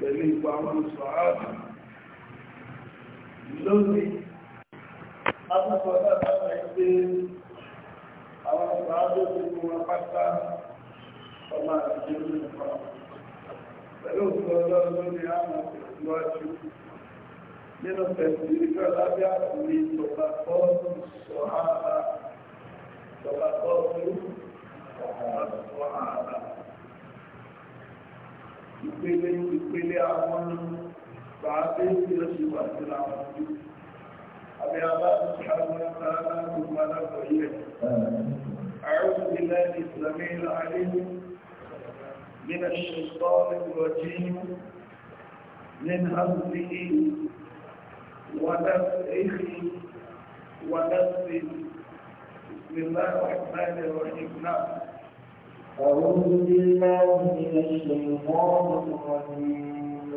pẹ̀lú ipò àwọn ìṣòhádà lónìí látàkọ̀ látàkọ̀ ẹgbẹ́ àwọn ìṣòhádà ti mú wọn pátá ọmọ àti ìlú nípa pẹ̀lú ìṣòhádà lónìí àwọn ìṣòhádà nínú pẹ̀lú ìgbà lábẹ́ àkùnrin ìjọba ìpele ìpele àwọn bàbá tí ó ṣe wà أبي الله سبحانه وتعالى ثم نقول أعوذ بالله السميع العليم من الشيطان الرجيم من همزه ونفسه ونفسه بسم الله الرحمن الرحيم نعم أعوذ بالله من الشيطان الرجيم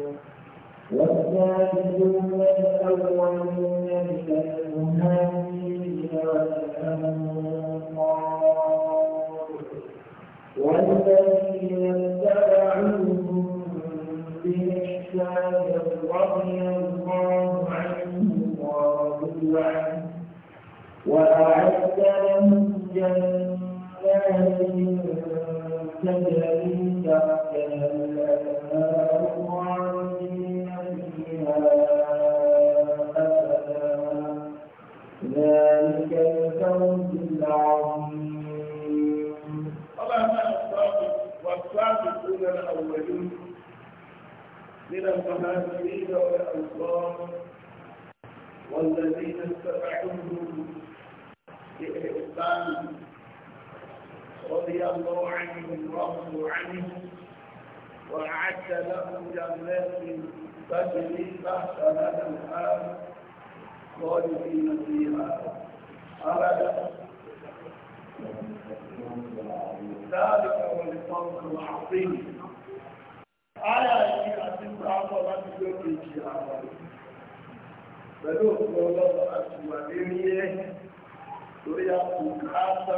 والسابقون الأولون من المهاجرين والأنصار والذين اتبعوهم بإحسان رضي الله عنهم ورضوا عنه وأعد لهم جنات تجري تحتها الأنهار خالدين فيها أبدا ذلك الفوز من المهاجرين والأنصار والذين اتبعوهم بإحسان رضي الله عنه ورضوا عنه وأعد لهم جنات تجري تحت الأنهار خالدين فيها أبدا ذلك هو الفضل العظيم آية هي أتبع صلاة يوم القيامة pẹ̀lú ọ̀pọ̀ ọlọ́pàá àti wà lérí ẹ̀ lórí àpò káàtà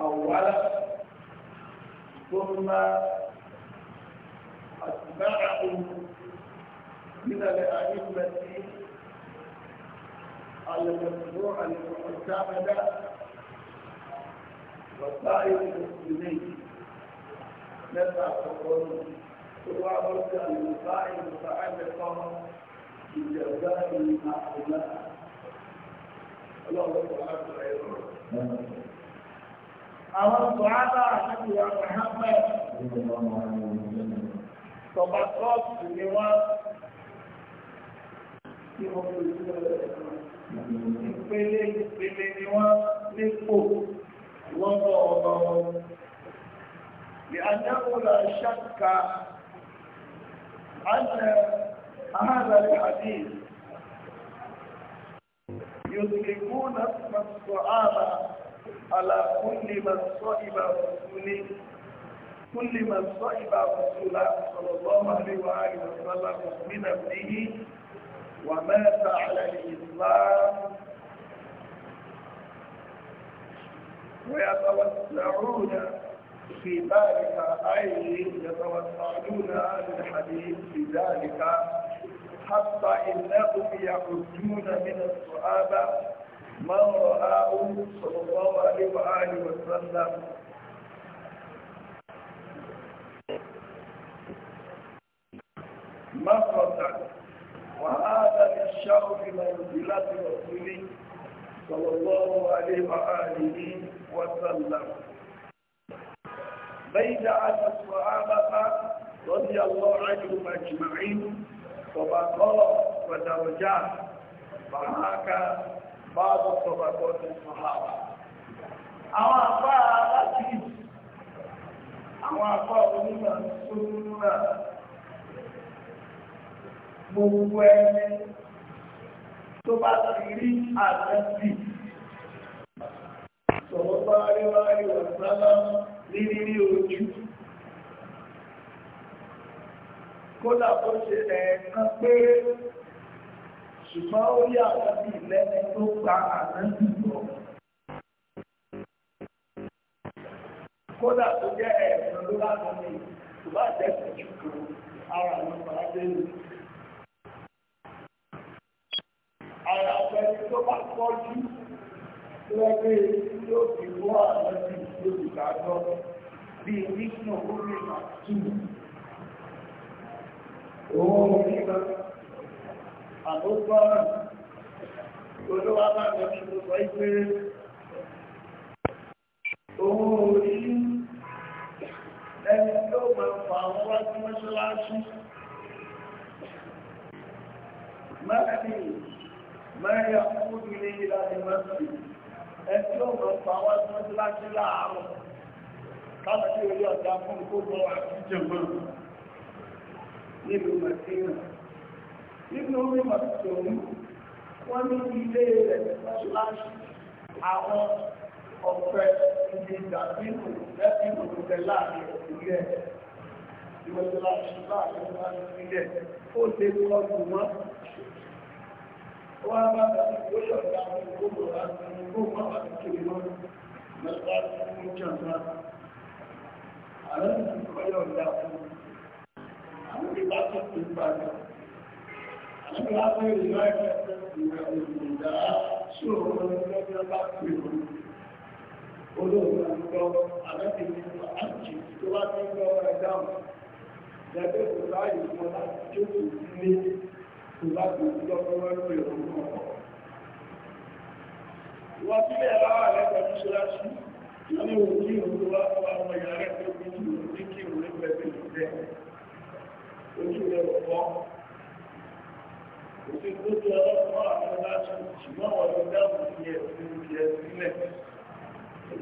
أولا ثم أتبعهم من الأئمة المشروع المعتمدة وسائر المسلمين نسعى تقول توابط المسائل المتعلقة بجزاء المعلومات الله سبحانه وتعالى àwọn sọ̀hádà àti àwọn àhámẹ́ tọ̀bàtọ́ọ̀tù ni wọ́n tí wọ́n fi ìpele ìpele ni wọ́n nípò lọ́dọ̀ ọ̀nà wọn. لأنه لا شك أن هذا الحديث يدركون اسم الصحابة على كل من صائب رسول كل من صائب رسول صلى الله عليه وآله وسلم مؤمنا به ومات على الإسلام ويتوسعون في ذلك أي يتوسعون أهل الحديث في ذلك حتى إنهم يعجون من الصحابة من رآه صلى الله عليه وآله وسلم مفردا وهذا من شرف منزلة رسوله صلى الله عليه وآله وسلم بين أن الصحابة رضي الله عنهم أجمعين وبقاء ودرجات فهكذا بعض الطبقات الصحابة àwọn àpá láti àwọn àpá onímọ̀ sódúnmọ̀ gbogbo ẹni tó bá ti rí àtẹ́sì sọ̀rọ̀ bá ríwárí ọ̀sánà rírí ojú kódà bó ṣe ẹ̀ẹ̀kan péré ṣùgbọ́n ó yà lọ́bí lẹ́ni tó gba ànábì lọ. kódà tó jẹ́ ẹ̀sán ló bá lọ ní kò bá jẹ́ ìṣòro ara àwọn fàájẹ́ lò. ara ọ̀gbẹ́ni tó bá kọjú lẹ́gbẹ́ yóò e, fi wọ́ ànábì yóò fi gbàgbọ́ bíi nígbà ó rìn àtúntò. Òun ò ní àbúgbọ́rọ̀ olówó abáàmì ti sọ pé owó orí ẹni tó máa fà wọ́n wá sí mọ́ṣáláṣí mẹ́rin mẹ́rin àkókò ní ìlànà mẹ́rin ẹni tó máa fà wá sí mọ́ṣáláṣí láàárọ̀ káàkiri ọjà fún ìkókò àti jẹ̀mọ́ nílùú mẹ́rin nínú orí màtòlú wọ́n ní ilé rẹ̀ mọ́ṣáláṣí àwọn ọ̀pẹ ìdí ìdàbínú lẹ́bí òkúta láàrin ìpínlẹ̀ ìmọ̀ṣáláṣí láàrin ìpínlẹ̀ ó lè kọ́ jù wọ́n. Wọ́n á bá dàbí ó ṣọ̀dá àwọn ìgbóhùn láti ìgbóhùn àwọn àti kiri wọn lọ́pàá fún ìjọba. Àwọn ìgbóhùn ọ̀dà fún àwọn ìbátan tó ń bá a Olóògbé àgbọ́ àbẹ́bí ní àjíjì tó bá ti ń gbọ́ ọ̀rẹ́ dáhùn. Jẹ́gbẹ́ kò ráyè wọn láti jókòó sílé tó bá ti ń gbọ́ ọ̀rẹ́ pé òun náà. Wọ́n ti lè láwà lẹ́gbẹ̀ẹ́ tó ṣe láti, wọ́n ní òun kí òun tó wá fọ́ àwọn ìyá rẹ̀ tó kí Ojú rẹ̀ wọ̀ òfin tó ti ọlọ́pàá àwọn aláṣọ ṣùgbọ́n wọn ló dáhùn sí ẹ̀ sí ìjẹ sílẹ̀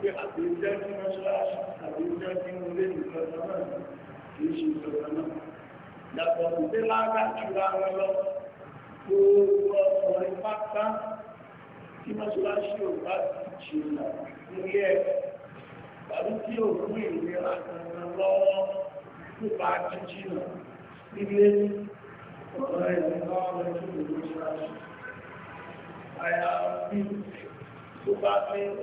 pé àti ìjẹ́ kí mọ́ṣáláṣí àti ìjẹ́ kí mo lè ní ìjọba náà kì í ṣe ìjọba náà yàtọ̀ sí pé lága jùlọ àwọn lọ gbogbo ọkùnrin pátá tí mọ́ṣáláṣí ò bá ti jìnnà nílé ẹ̀ tàbí tí ò fún ìlera kankan lọ́wọ́ nípa jíjìnà nílé ní ọ̀rọ̀ ìrìnlọ́ ọ̀rọ̀ ìṣàṣì àwọn ìsọ̀hábà yìí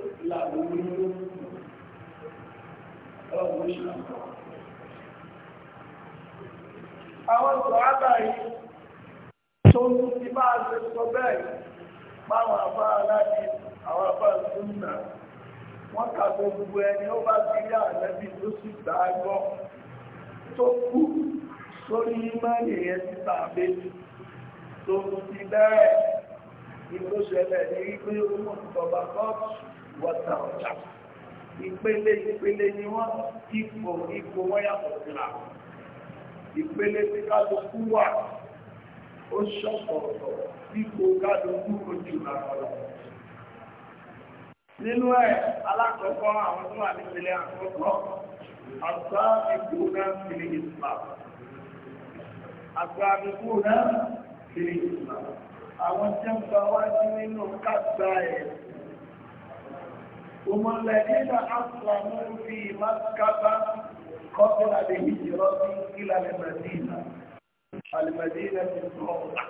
tó ń ti bá ṣe sọ bẹ́ẹ̀ máwọn àbá aláàdì àwọn àbá ìsúnnà wọ́n kàgbọ́ gbogbo ẹni ó bá ti rí àlẹ́bí tó sì gbàgbọ́ tó kú lórí ìmáàlì yẹn ti tàbí tó kú ti bẹ́ẹ̀ ní tó ṣẹlẹ̀ ní wípé owó ìjọba kọ́ọ̀tù wọ́ta ọ̀jà ìpele ìpele ni wọ́n ipò ipò wọ́n yàtọ̀ síra ìpele tí kálukú wà ó ṣọ̀tọ̀ọ̀tọ̀ ipò kálukú ojú àkọlọ̀ nínú ẹ̀ alákọ̀ọ́kọ́ àwọn tó wà nípele àkọ́kọ́ àgbá ipò náà fi ní ìsìlámù àgbàmìkúnà kiri àwọn tí ń bá wá sí nínú kàgbà ẹ̀ òmọ̀lẹ́dínà àpàmọ́ fi mákàbá kọ́bílà lè hìjìrọ́ sí ìlà lẹ́mẹ̀dínà alìmẹ̀dínà ti rọ̀ọ̀lá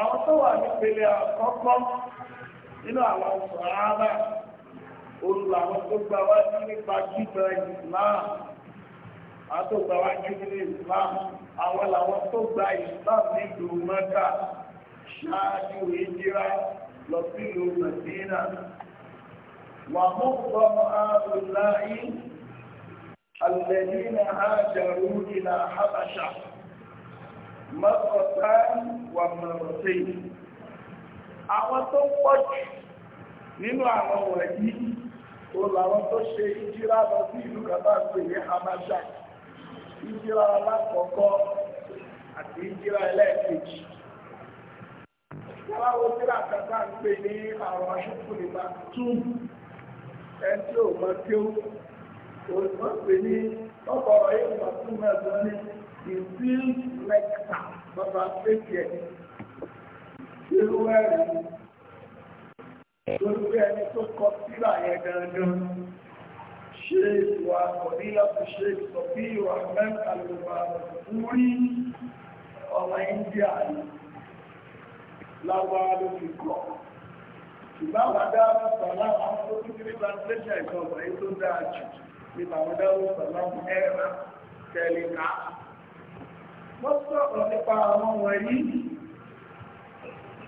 àwọn tó wà nípele àkọ́kọ́ nínú àwọn sọ̀rọ̀ olùlọ àwọn tó gba wájú nípa gbígbà ìsìláàmù àtògbà wájú nínú ìsìláàmù àwọn làwọn tó gba islam nílùú mẹ́ta ṣáájú ìjírá lọ sílùú mẹ́tínà wà mú sọmọ àrùláyé alẹ́dínà ájàrú ìlà habasha mọ́kọ̀tá wà mọ̀rọ̀tẹ́ àwọn tó pọ̀ jù nínú àwọn wọ̀nyí ó làwọn tó ṣe ìjírá lọ sí ìlú kàbá ní habasha ìjíra alákọ̀ọ́kọ́ àti ìjíra ẹlẹ́ẹ̀kejì. Aláwo tíra kàtà ń pè ní àwọn aṣọ́kù nípa tún ẹni tí ò mọ kí ó òṣùwọ̀n pè ní ọkọ̀ọ̀rọ̀ yìí wà tún mẹ́jọ ní ìfíìl lẹ́kítà bàbá péjẹ irú ẹ̀rí lórí ẹni tó kọ tíra yẹn gangan. الشيخ وفضيلة الشيخ صفي وأحمد المباركوري ọmọ india ni lágbára ló fi kọ́ ṣùgbọ́n àwọn adáwọ̀ sọ̀lá àwọn tó ti kiri translation ẹ̀kọ́ ọ̀gbà yìí tó dáa jù ní àwọn adáwọ̀ sọ̀lá ẹ̀rọ tẹ̀léka wọ́n sọ̀rọ̀ nípa àwọn wọ̀nyí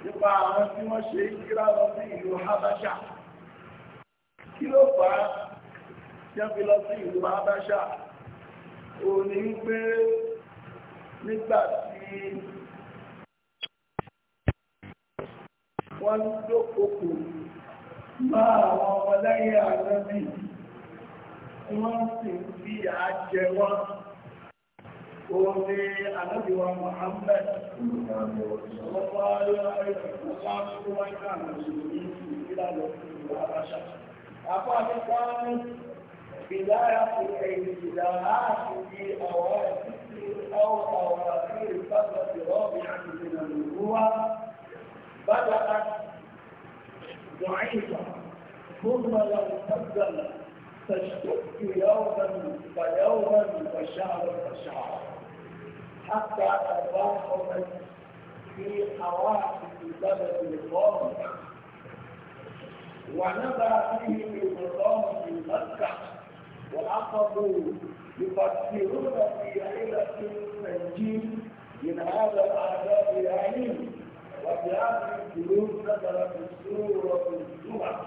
nípa àwọn tí wọ́n ṣe kíra lọ sí ìlú habasha kí ló fà á jẹ́ fi lọ sí ìlú abáṣà ò ní pé nígbà tí wọ́n dókòkò máa àwọn ọmọlẹ́yìn àrẹ́bì wọ́n sì ń fi àjẹ wọn ó ní ànábìwá Muhammad ọmọ ayọ́rẹ́ ìfọwọ́sowọ́ká àti ìlú ìlànà ìlú abáṣà. Àpá àti pàánù بلا يقل أي سلاحات في أواخر أو أواخر فتره رابعه من النبوة بدأت ضعيفة ثم لو تبدل تشتك يوما فيوما وشهرا فشهرا حتى تضاحمت في أواخر البلد الرابعة ونبع فيه المقام في مكة والعقبوا يفكرون في عيلة التنجيم من هذا العذاب العليم وفي هذه القلوب نزلت السورة الجمعة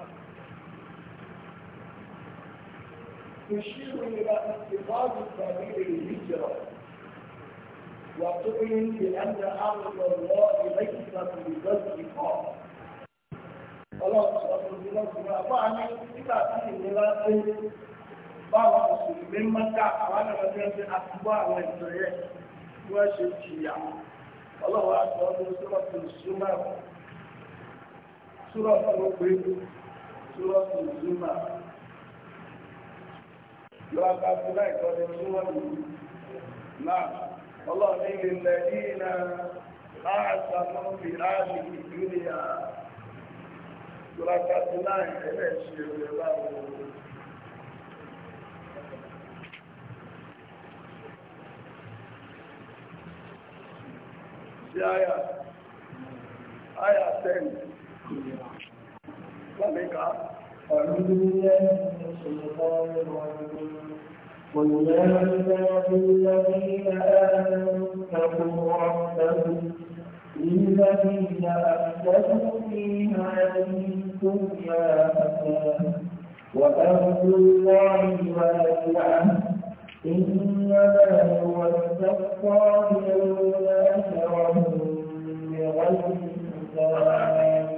تشير إلى اتخاذ سبيل الهجرة وتؤمن بأن أرض الله ليست بضيقة Ọlọ́run sọ̀rọ̀ ìdílọ́sùn àbáà ní nígbà tí ìlera pé báwọn mùsùlùmí mọ́ká àwọn àgbàdo ẹgbẹ́ àtúgbọ́ àwọn ìtàn yẹn bí wọ́n ṣe jìyà ọlọ́wọ́ àti ọdún sọ́ọ̀tù ṣúmọ̀ sọ́ọ̀tù ló pé sọ́ọ̀tù ṣúmọ̀ lọ́wọ́ bá fún náà ìkọ́ni ṣúmọ̀tù náà ọlọ́ọ̀ni ilẹ̀ yìí na láàṣà mọ́ fi láàbì ìdúnìyà náà sí àyà àyà 10 lámẹ́ká ọ̀rọ̀ ilé ìṣẹ̀lẹ̀ للذين أحسنوا في هذه الدنيا حسنة وأرجو الله والعهد إنما يوفى الصابرون أجرهم بغير حساب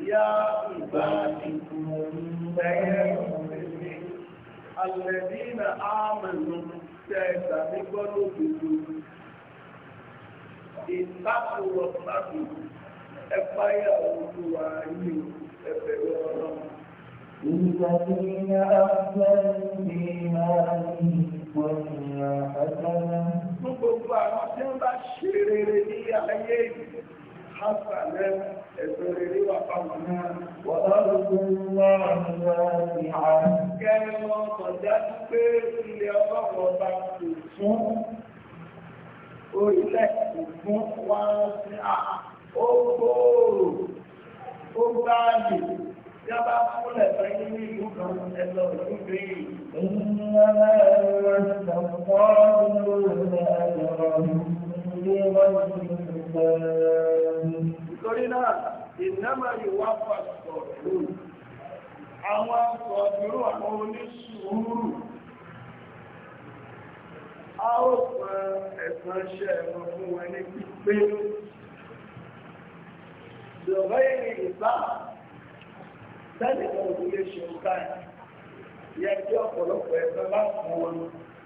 يا عبادكم الذين آمنوا سيسمي قلوبكم ìtàkùrọ̀ sábì ẹ̀fáyà olúwa yìí ẹ̀fẹ̀ lọ́wọ́ náà. للذين أحسنوا في هذه الدنيا حسنة gbogbo àwọn tí ń bá ṣe rere ní ayé yìí hasanẹ ẹ̀sùn rere wà fáwọn náà wọ́n lọ́dún náà ní ọ̀rọ̀ wọn kọ̀ dájú pé ilé ọlọ́pọ̀ bá kò fún orílẹ̀ kò fún wọn sí à ó gbòòrò ó gbáàyè tí a bá kúlẹ̀ fẹ́ nínú ìlú kan ẹ̀lọ́ ìlú bèèrè. Ìyá ẹ̀rọ ìṣàkọ́ ìlú ẹ̀rọ ilé wọ́n ti gbẹ̀. Nítorí náà, ìnáma ìwà pàṣọ ìlú. Àwọn ọ̀dùrú àwọn oníṣùúrù. A ó pọn ẹ̀sán iṣẹ́ ẹ̀rọ fún wọn ní pípé. Ìjọba ìrìn ìbáà sẹ́yìn kan ò lè ṣe ọ̀gá ẹ̀ yẹ kí ọ̀pọ̀lọpọ̀ ẹ̀fẹ́ bá fún wọn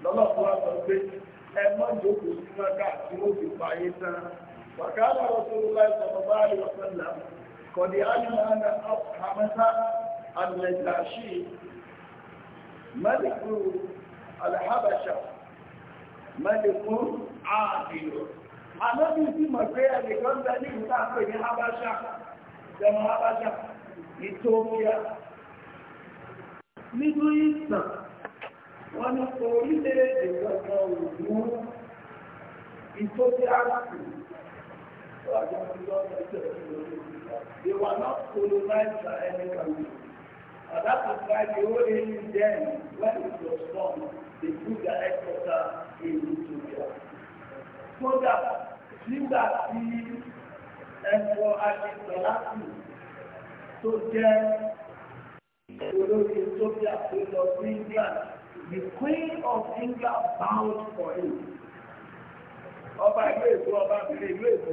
lọ́lọ́pọ̀ àtọ pé ẹ mọ́ ìjókòó sí mọ́ká tí ó fi pa ayé tán wàkàlà Rasulullah sallallahu alaihi wasallam kọ̀dí ánìmọ́nà àmọ́sá àlẹ́dàṣì mẹ́lìkù alẹ́hábàṣà mẹ́lìkù ààbìyọ̀ anábìsí mọ̀ pé ẹnìkan bẹ ní ìta pè ní hábàṣà jẹmọ hábàṣà Ethiopia, Middle East, wọ́n ní orílẹ̀-èdè gbogbo òògùn Ethiopia They were not colonized by any country. And that is why the whole alien then, when it was formed, they put their headquarters in Ethiopia. So that, see that the Emperor Adi tó jẹ́ olórí ethiopia sí england the queen of england bowed for him ọba ìlú ọba ìlú èkó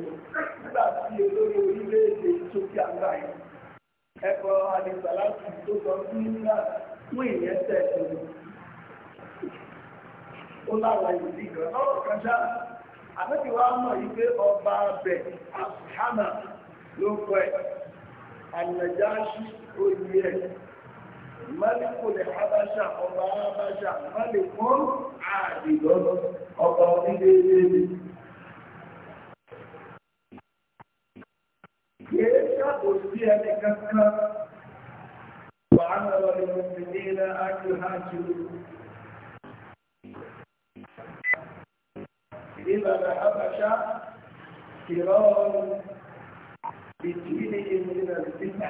nígbà tí olórí orílẹ̀-èdè ethiopia ń gbà yìí ẹ̀kọ́ àdìsàlásì tó sọ sí england fún ìyẹn tẹ̀ tó ó láwọn ìdí lọ́rọ̀ kan àbẹ́bí wa mọ̀ yìí pé ọba abẹ àbùhámà ló kọ ẹ̀. ànàjáṣí oyè ẹ̀ mẹ́lìkùlẹ̀ abáṣà ọba abáṣà mẹ́lìkùn àdìgbọ́nà ọba onídéédéé. kìí ṣàkóso ẹni kankan wàhálà lọ́dọ̀ mọ̀mìnì náà á na ìdílé ìmìnira ìdílé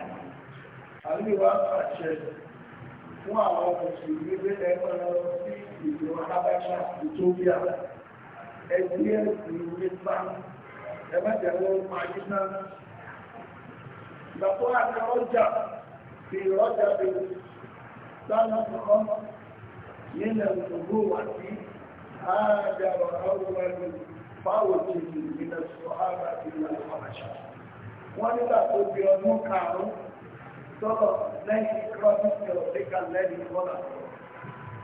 àríwá àṣẹ fún àwọn mùsùlùmí bẹ́ẹ̀ ẹgbẹ́ lọ sí ìlú habasha ethiopia ẹgbẹ́ ẹ̀sìn nípa ẹgbẹ́jẹ̀ wọn máa yí náà ìgbàpọ̀ àti ọjà fi ọjà bí sáà kan nílẹ̀ òṣogbo wà sí ààjà ọ̀rọ̀ ọ̀rọ̀ ẹ̀mí fáwọn òṣèlú ìgbìnà sọ̀hárà ìlú habasha wọ́n nígbà tó bí ọdún karùn-ún tọ́lọ̀ lẹ́yìn kírọ́sìtì ọ̀dẹ́ka lẹ́yìn kọ́là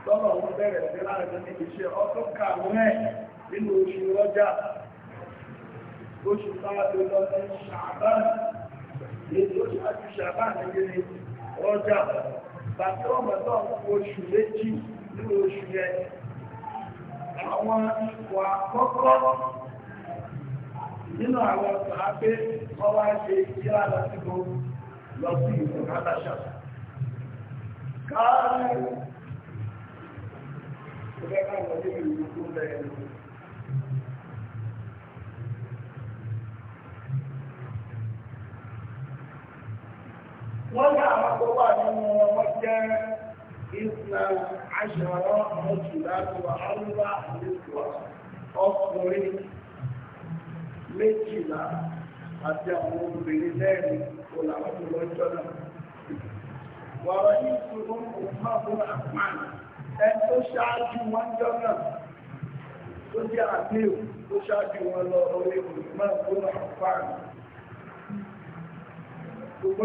tọ́lọ̀ ń bẹ̀rẹ̀ sí láàrin níbi iṣẹ́ ọdún karùn-ún ẹ̀ nínú oṣù rọ́jà oṣù táàbí lọ sí ṣàbán ètò ṣáàjú ṣàbán nígbèrè rọ́jà bàtí ọmọ náà oṣù méjì nínú oṣù yẹn àwọn ipò àkọ́kọ́ nínú àwọn sàápé wọ́n a ṣe ìjírá lọ sí gbogbo lọ sí ìlú kátàṣà ọrụ ọrụ ọrụ wọ́n ní àwọn tó wà nínú wọn jẹ́ ìsìnà ọrụ mọ́tò ọrụ wà ọrụ ọkùnrin méjìlá àti àwọn obìnrin mẹ́rin kò làwọn kò lọ́jọ́ náà. Wàrà yìí tó wọ́n kò máa mú àpáàn ẹni tó ṣáájú wọn jọ náà tó jẹ́ àdéhù tó ṣáájú wọn lọ orí kò máa mú àpáàn. Gbogbo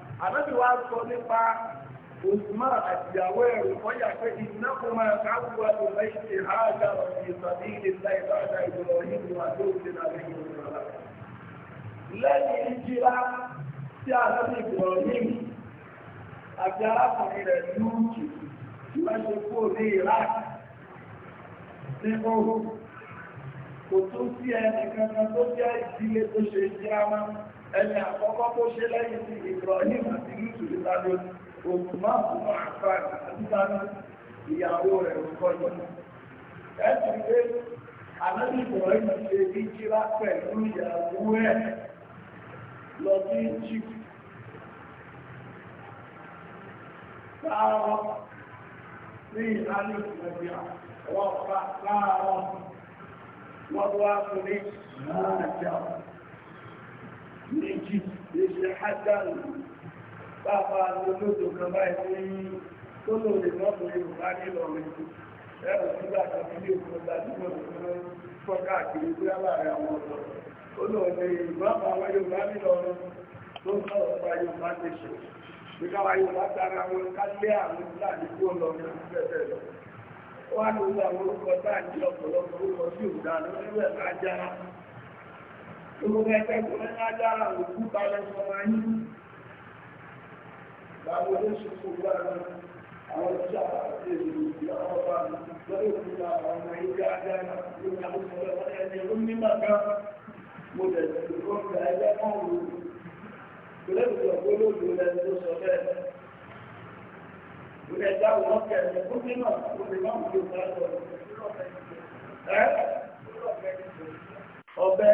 àbẹ́bí wa sọ nípa Usman àtìyàwó ẹ̀rù kọjá pé ìnákùnmá káwùwá ló lẹ́yìn tí ha dá ọ̀sìn ìsọ̀dí ilé ìbáradà ìgbọ̀rọ̀ yìí wà tó ti nà lẹ́yìn ìgbọ̀rọ̀ lẹ́yìn ìjìlá tí a lọ́dún ìgbọ̀rọ̀ yìí àti arákùnrin rẹ̀ lúùkì tí wọ́n ṣe kú ní Iraq ní oòrùn kò tún sí ẹnì kankan tó jẹ́ ìdílé tó ṣe jẹ́ wọn ẹni àkọ́kọ́ tó ṣe lẹ́yìn sí Ibrahim àti lùsù ìtàlẹ́ òkú máa fún wọn àfáà àti tánú ìyàwó rẹ̀ lọ́kọ́ yìí. ẹ̀sìn pé ànábì Ibrahim ṣe bí jíra pẹ̀lú ìyàwó ẹ̀ lọ sí Egypt. Sáárọ̀ ní ìlànà ìgbẹ̀bíà wọ́n pa láàárọ̀ wọ́n wá fún ní ìlànà ìjọba. méjì léṣe hajjáàlù pápá lójó kan báyìí ní tó lò lè mọ́kùnrin yorùbá nílọrin ẹ̀rọ nígbà kan ní òkú gbajúmọ̀ ìpínlẹ̀ fọ́kàkiri bí àwọn ọ̀dọ́ lò lè àwọn yorùbá tó sọ̀rọ̀ pa yorùbá nation ìgbàwà yorùbá tara wọn àwọn fúlàní kó lọ ní ìgbẹ́fẹ́ lọ wọ́n á lò táà ní ọ̀pọ̀lọpọ̀ Ìwọ̀n ẹgbẹ́ tó ń lágbára òkú balẹ̀ sọmọ yín. Báwo ló ṣe kó gbá àwọn tí a lè lò lọ́wọ́ bá lórí òkúta àwọn ọmọ ilé agbára lórí àwọn ọmọ ẹgbẹ́ ẹni ló ní màkà. Mo lè lò ó gba ẹgbẹ́ náà lò. Ìgbélébùdó ọgbólógbò lẹni tó sọ bẹ́ẹ̀. Ìgbélé ẹgbẹ́ àwọn ọkẹ́ ẹ̀mí kó nínú àwọn olùmọ̀ọ́mù yóò bá lọ. Ọbẹ̀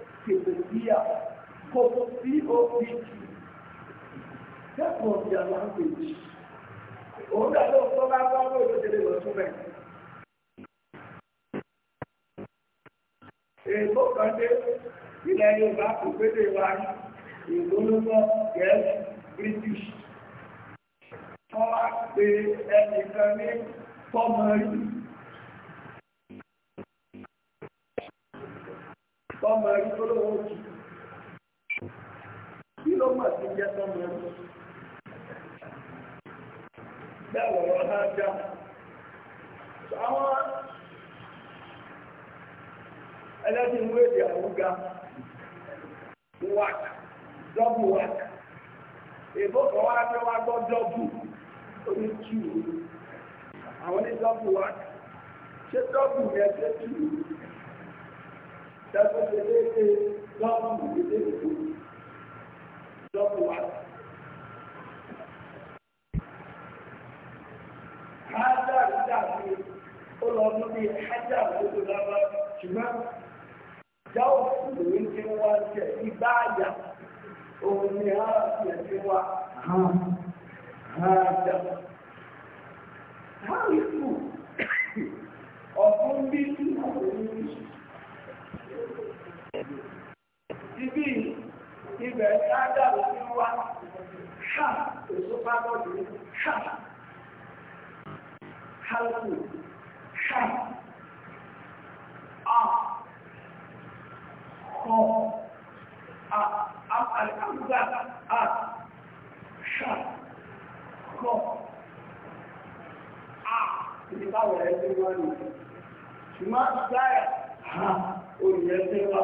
Kebebia, C-O-B-T. That was their language. Òun dàgbà ọ̀pọ̀ bá bá wọ́n ló tẹ̀lé lọ fún bẹ́ẹ̀. Èèbó kan dé ilẹ̀ Yorùbá kò o wa ní O ló mọ Gẹ̀ẹ́sì British. Wọ́n wá pe ẹnìkan ní Pọ́mọrí. tọ́mọ rí tó lówó jù kí ló mọ̀ sí jẹ́ tọ́mọ rí bẹ́ẹ̀ lọ́rọ̀ náà já àwọn ẹlẹ́sìn mú èdè àwúga wàk dọ́bù wàk èbó kan wá fẹ́ wá gbọ́ dọ́bù oní tù àwọn ní dọ́bù wàk ṣé dọ́bù yẹn ṣe tù dàgbà ṣe léṣe dọ́ọ̀mù léṣe òkú dọ́ọ̀mù wá. Hájà nígbà tí ó lọ mú bí hájà lóṣù lábá ṣùgbọ́n jáwó fún ìwé tí wọ́n ń jẹ ìgbà àyà òun ni a ti ẹ̀sìn wa hájà. How is it? Ọ̀tún bí tí wọ́n ń ibẹ̀ ní ádàlù ní wá ṣá èso pápọ̀dù ṣá ṣálùkù ṣá a kọ a àkàlùkà a ṣá kọ a ìdíkàwọ̀ ẹgbẹ́ wọn ni ṣùgbọ́n dáyà ha olùyẹ́gbẹ́ wa.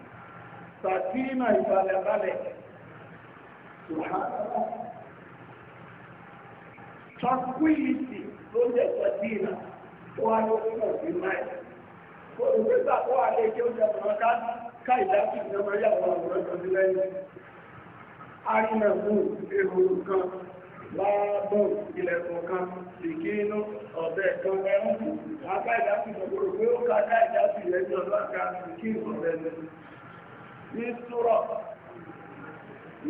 sàkínà ìbalẹ̀balẹ̀ tranquility ló jẹ́ sàkínà tó wá ló fún òfin náà kò ní pípa kó alẹ́ jẹ́ oúnjẹ mọ̀ ká ká ìdájú ìjọba yà wọ́n àwọn ọ̀rọ̀ ní lẹ́yìn arìnà fún èrò kan láàbọ̀n ilẹ̀kùn kan ìkínú ọ̀bẹ kan ẹ̀rùn lápá ìdájú ìjọba pé ó ká ká ìdájú ìrẹ́jọ́ lọ́ka ìkínú ọ̀bẹ lẹ́yìn ní súrọ̀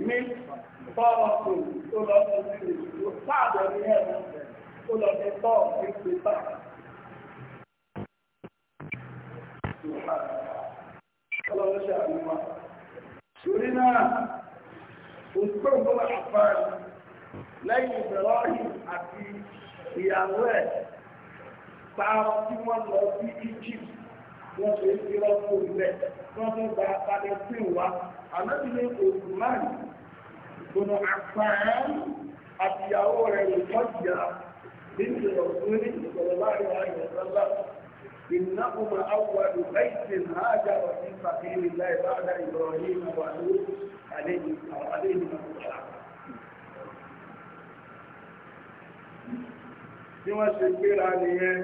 ní bọ́ọ̀rọ̀ tó tó lọ sí ìlú sáàdọ̀ ní ẹ̀rọ tó lọ sí bọ́ọ̀ ní pépà. Ọlọ́run ṣe àríwá. Torí náà, òṣìṣẹ́ ògbọ́n àpárí lẹ́yìn ìbẹ̀rọ̀hìn àti ìyàwó ẹ̀ pààrọ̀ tí wọ́n lọ sí Egypt wọ́n ṣe fi rọ́pò rẹ̀ wọ́n fi gba palestine wa ànábìlẹ̀ osman gbọ́nà àfààní àtìyàwó rẹ̀ lọ́jà bíbí ọ̀gbìn ìṣòro láàrin àyè sọ́lá إنهما أول بيت هاجر في سبيل الله بعد إبراهيم ولوط عليه السلام bí wọ́n ṣe gbéra nìyẹn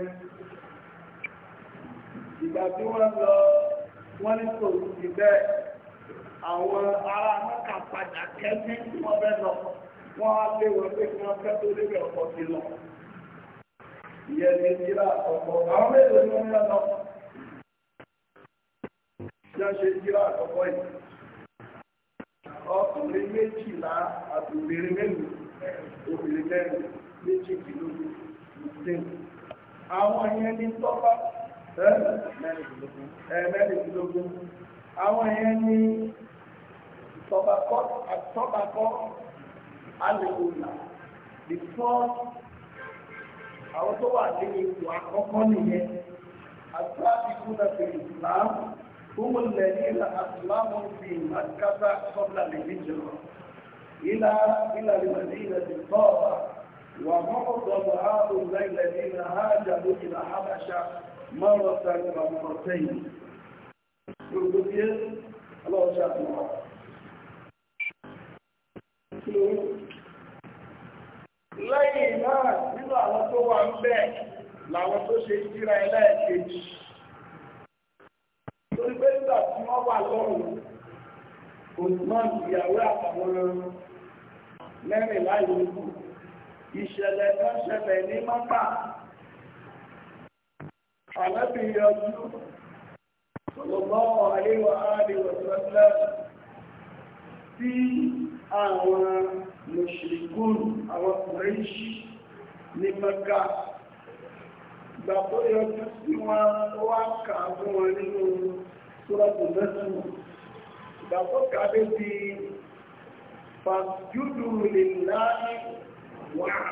ìgbà tí wọ́n lọ wọ́n ní kò sí bẹ́ẹ̀ àwọn ará mẹ́ta padà kẹ́sí tí wọ́n fẹ́ lọ wọ́n á lé wọn pé kí wọ́n fẹ́ tó lébẹ̀ ọkọ̀ sí lọ. ìyẹn ní ìlà àkọ́kọ́ àwọn mélòó ni wọ́n lọ yá ṣe jíra àkọ́kọ́ yìí ọkùnrin méjìlá àtòbìnrin mẹ́rin obìnrin mẹ́rin méjì kìlógún ìdẹ́nu àwọn yẹn ní tọ́lá mẹ́rìndínlógún àwọn èèyàn ní tọ́bakọ́ alẹ́kùnlá the first àwọn tó wà ní ipò àkọ́kọ́ nìyẹn àtúrásìkú náà fi Islam kúmù lẹ́ní ìlà àtúlámù fi màkàtà sọ́bla lè ní jùlọ ìlà ìlà ìwàlẹ́ ìlà ti tọ́ọ̀bà wà mọ́kànlọ́gbọ̀ mọ́rọ̀ sáré ọmọ sẹ́yìn gbogbo bí ọlọ́run ṣàfihàn lẹ́yìn náà nínú àwọn tó wà ń bẹ̀ làwọn tó ṣe ìdíra ẹlẹ́ẹ̀kejì torí pé nígbà tí wọ́n wà lọ́rùn Osman ìyàwó àtàwọn mẹ́rìnlá ìlú ìṣẹ̀lẹ̀ kan ṣẹlẹ̀ ní mọ́ta ànábì yọjú sallallahu alaihi wa alihi wa sallam sí àwọn mùṣìríkùn àwọn Kùráíṣì ní Mẹ́kà ìgbà tó yọjú sí wọn ó wá kà fún wọn nínú sóràtò mẹ́sùn ìgbà tó kà fàjúdù lè láàrín wàhálà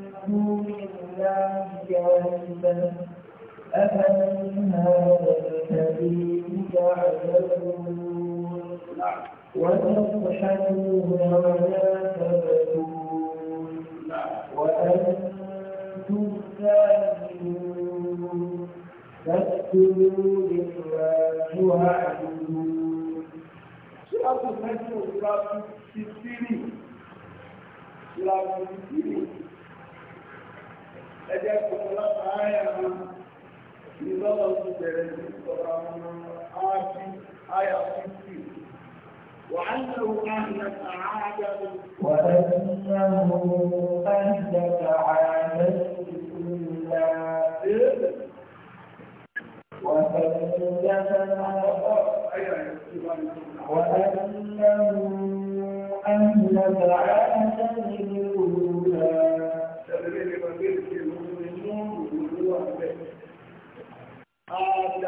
دون الله جاهدا أفمن هذا الذي تعلمون وتضحكون ولا تبكون وأنتم سالمون فاكتبوا لله واعبدون سورة الفتح 63 سورة 63 ẹjẹ́ kọlá ààyà ìlọ́lọ́ ti bẹ̀rẹ̀ ní ọ̀rọ̀ àwọn ààyà fífì وأنه أهلك عادة وأنه أهلك عادة كلها وأنه أهلك عادة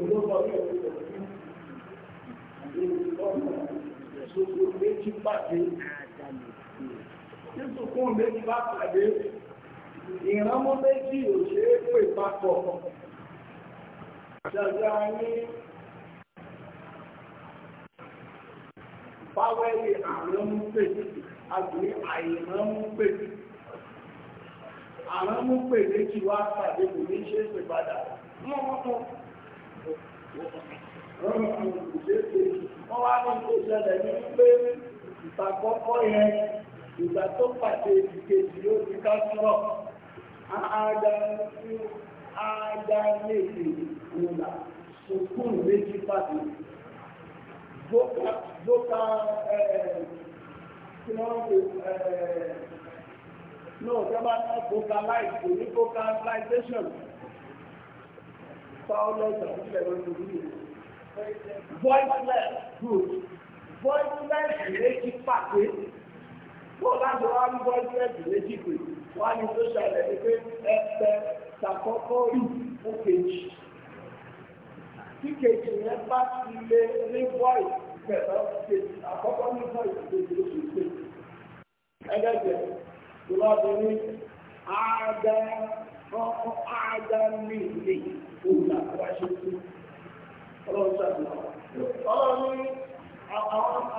olóńgbò ní ọdún ọdún ìṣòro méjì pàdé ìṣòkún méjì bá pàdé ìrànmọ́ méjì ò ṣe é pè papọ̀ ṣàjá ní báwẹ́lì àránmúpè àgbé àìránmúpè àránmúpè méjì wá pàdé kò ní ṣe é pè padà mọ́ ọkọ̀ Wọ́n wá ní kó ṣẹlẹ̀ ní pé ìtàkọ́kọ́ yẹn ìgbà tó pàṣẹ ìkejì ló ti ká sọ̀rọ̀. Áádá méjì ìrìnà sùkúù méjì pàdé. Dókà tí wọ́n ń náà tẹ́ náà dókà láìsí ní dókà láìsẹ́sọ̀nù soundless and useless to be voiceless good voiceless ìrètí pàṣẹ bóò láti wá ní voiceless ìrètí pè wá ní social media pé ẹsẹ ṣàkọ́kọ́ rí fún kejì tí kejì yẹn bá ti lé ní voice pẹ̀lú kejì àkọ́kọ́ ní voice kejì ló fi pè ẹgbẹ́gbẹ́ ìwádìí ní àádá. kọ́kọ́ ájá ní ilé na àkọ́wáṣe tó ọrụ lọ. ọrụ ọrụ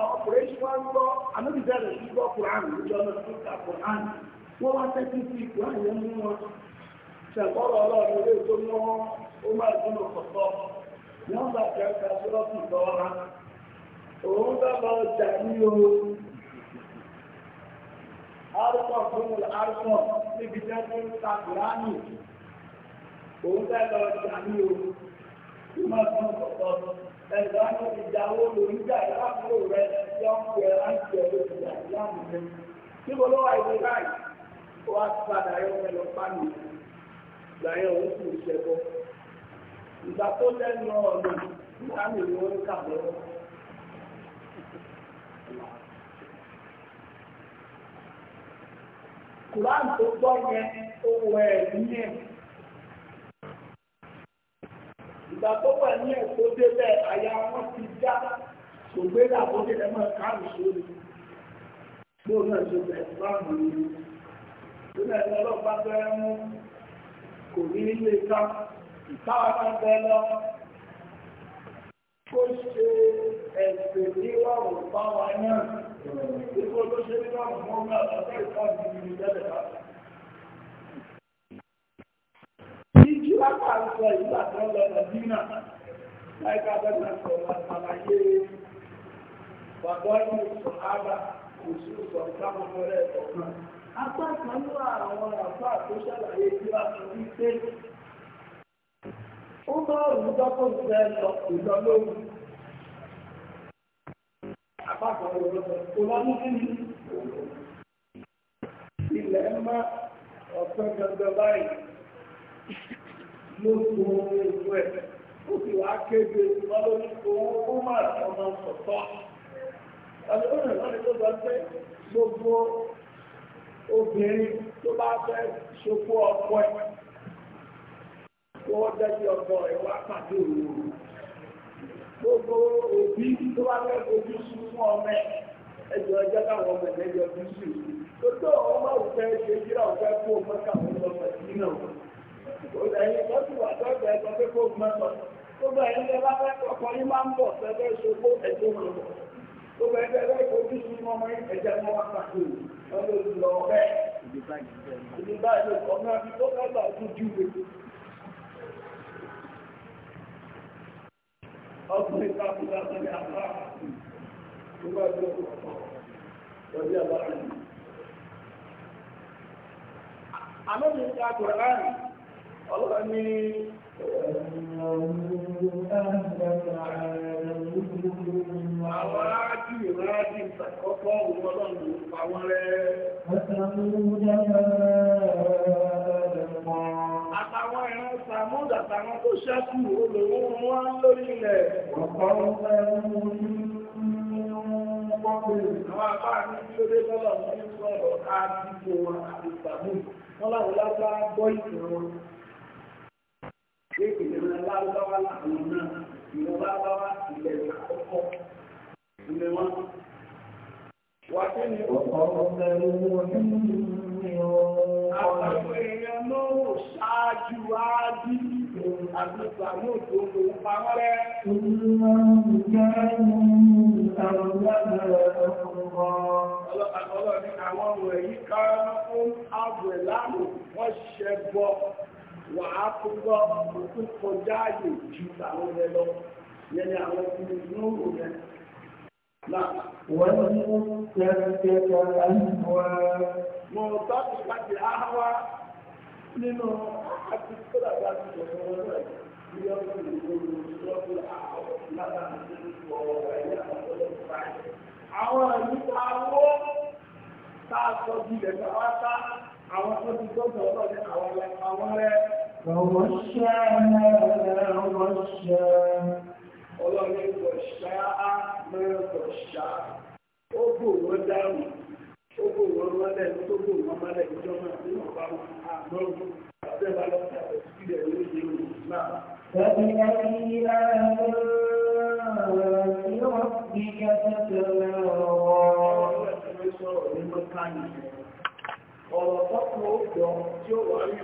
ọrụ ọrụ ṣe wá ń gbọ́ àmúbìbẹ̀rẹ̀ sí gbọ́ kùránù lójọ́ náà tó ta kùránù ọrụ wá tẹ́tí sí ọrụ arúgbó gbóhùn arúgbó níbi tí wọ́n ń ta kùránì òun fẹ́ lọ jà ní o tí wọ́n fún ọ̀pọ̀ ẹ̀dọ́ ní ìyàwó lórí jà ìyàwó rẹ̀ yọ ń pè láti ẹ̀rọ ìjà ìyàwó rẹ̀ tí mo lọ́wọ́ ìwé báyìí wọ́n á ti padà yọ ọ́ lọ pàmì ìgbàyẹ̀ òun sì ń ṣẹ́kọ́ ìgbà tó lẹ́nu ọ̀nà ìgbà ni wọ́n ń kà lọ́wọ́. Kùránì tó gbọ́ yẹn owó ẹ̀ ní ẹ̀. Ìgbà tó wà ní ẹ̀ tó débẹ̀ àyà wọn ti já ṣògbéra tó dé ẹ̀ máa kárù sórí. Gbóò náà ṣe bẹ̀rẹ̀ báwọn ni. Ìgbà tó lọ́pàá bẹ́ẹ̀ mú kò ní ilé ká. Ìtawà náà bẹ́ẹ̀ lọ́wọ́ kó ṣe ẹ̀sẹ̀ ní ọ̀rùn bá wa náà ipò tó ṣe ní ọ̀rùn mọ́ bá àtàkọ́ ìtọ́jú ní ìjẹ́lẹ̀ bá. Ìjì lápá ń sọ ìgbà tó lọ Nàìjíríà láìka bẹ́ẹ̀ sọ̀rọ̀ àlàyé bàbá yìí sọ ábà kò sí ìsọ̀rọ̀ táwọn ọmọ rẹ̀ ọ̀kan. Apá kan ló àwọn àfáà tó ṣàlàyé tí wàá sọ wípé ó bá òrùjọ tó fẹ́ lọ ìjọ lórí. Àpapọ̀ òrùjọ kò lọ ní kí ni. Ilẹ̀ má ọ̀pẹ dandan báyìí ló so ewu ẹ̀. Ó sì wá kéde lọ́lọ́rí owó ó má ọmọ sọ̀tọ̀. Àbí ó rìn gbogbo obìnrin tó bá fẹ́ ṣokú ọkọ ẹ̀ wọ́n dájú ọkọ rẹ̀ wá pàdé òru. Gbogbo òbí tó wá fẹ́ fojú sún fún ọmọ ẹ̀ ẹjọ́ ẹjọ́ káwọn ọmọ ẹ̀ lẹ́jọ́ fi sùn. Tótó àwọn ọmọ òfẹ́ ṣe kí náà fẹ́ kó ọmọ káwọn ọmọ ẹ̀ sí náà. Òdà yìí wọ́n ti wà lọ́dọ̀ ẹ̀kọ́ pé kó ọmọ ẹ̀ Gbogbo ẹ̀yin lẹ́ bá fẹ́ ọkọ yín máa ń bọ̀ fẹ́fẹ́ ṣokó ẹ̀jọ́ wọn Gbogbo ẹ̀fẹ́ fẹ́ fojú sún Àmọ́bìnrin Kùránì, ọlọ́pàá ní àwọn ájú òun ọlọ́run pàwọn rẹ̀. Sàmúd àtàwọn tó ṣẹ́kù olówó wọn lórí ilẹ̀. Ọ̀pọ̀ ọmọ ẹni Àwọn àbá ní kí ó dé lọ́lọ́ ní sọ̀rọ̀ àdìgbò wọn àti Sàmúd. Wọ́n láwọn lágbá gbọ́ ìtàn wọn. Ṣé ìlànà lágbáwá làwọn náà? Ìjọba lágbáwá ilẹ̀ àkọ́kọ́. Ilé wọn. Wà kí ni ó? Ọ̀pọ̀ ọmọ ẹni min àwọn èèyàn náà ṣáájú áájú àgbẹ̀gbà náà tó ń lò pàwọ́rẹ́ ọlọ́pàá àwọn ọ̀rẹ́ yìí ká fún ààbẹ̀ láàrùn wọ́n ṣẹbọ wà á tún gbọ́ òkú kọjá ààyè ju àwọn ọ̀rẹ́ lọ yẹn ni àwọn ọkùnrin náà والمتلكة أهوى مرتبطة أهوى nínú àti kódà bá ti sọ̀rọ̀ wọn náà ní ọdún ìgbòho ìṣọ́bù àwọn lábàá ní ọ̀rọ̀ ẹ̀yà àtọ́lẹ̀ báyìí. Àwọn ìyíká owó tá a sọ bí ilẹ̀ náà wá tá àwọn tó ti gbọ́dọ̀ ọ̀rọ̀ ní àwọn ọ̀rẹ́. Ọ̀wọ́ ṣẹ́ ọ̀rọ̀ ṣẹ́ ọlọ́run kò ṣá á mẹ́rin kò ṣá ó bò wọ́n dáhùn ó bò wọ́n mọ́lẹ̀ tó bò wọ́n mọ́lẹ̀ ìjọ náà nínú ọba wọn àgbọ̀n àbẹ́ bá lọ sí àbẹ̀ sí ilẹ̀ ló yẹ òun náà. فبأي آلاء ربك تتمارى ọ̀rọ̀ tọ́kùn ọjọ́ tí ó wà rí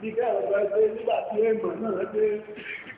Bí ká ọ̀gbà ẹgbẹ́ nígbà tí ẹ̀mọ̀ náà dé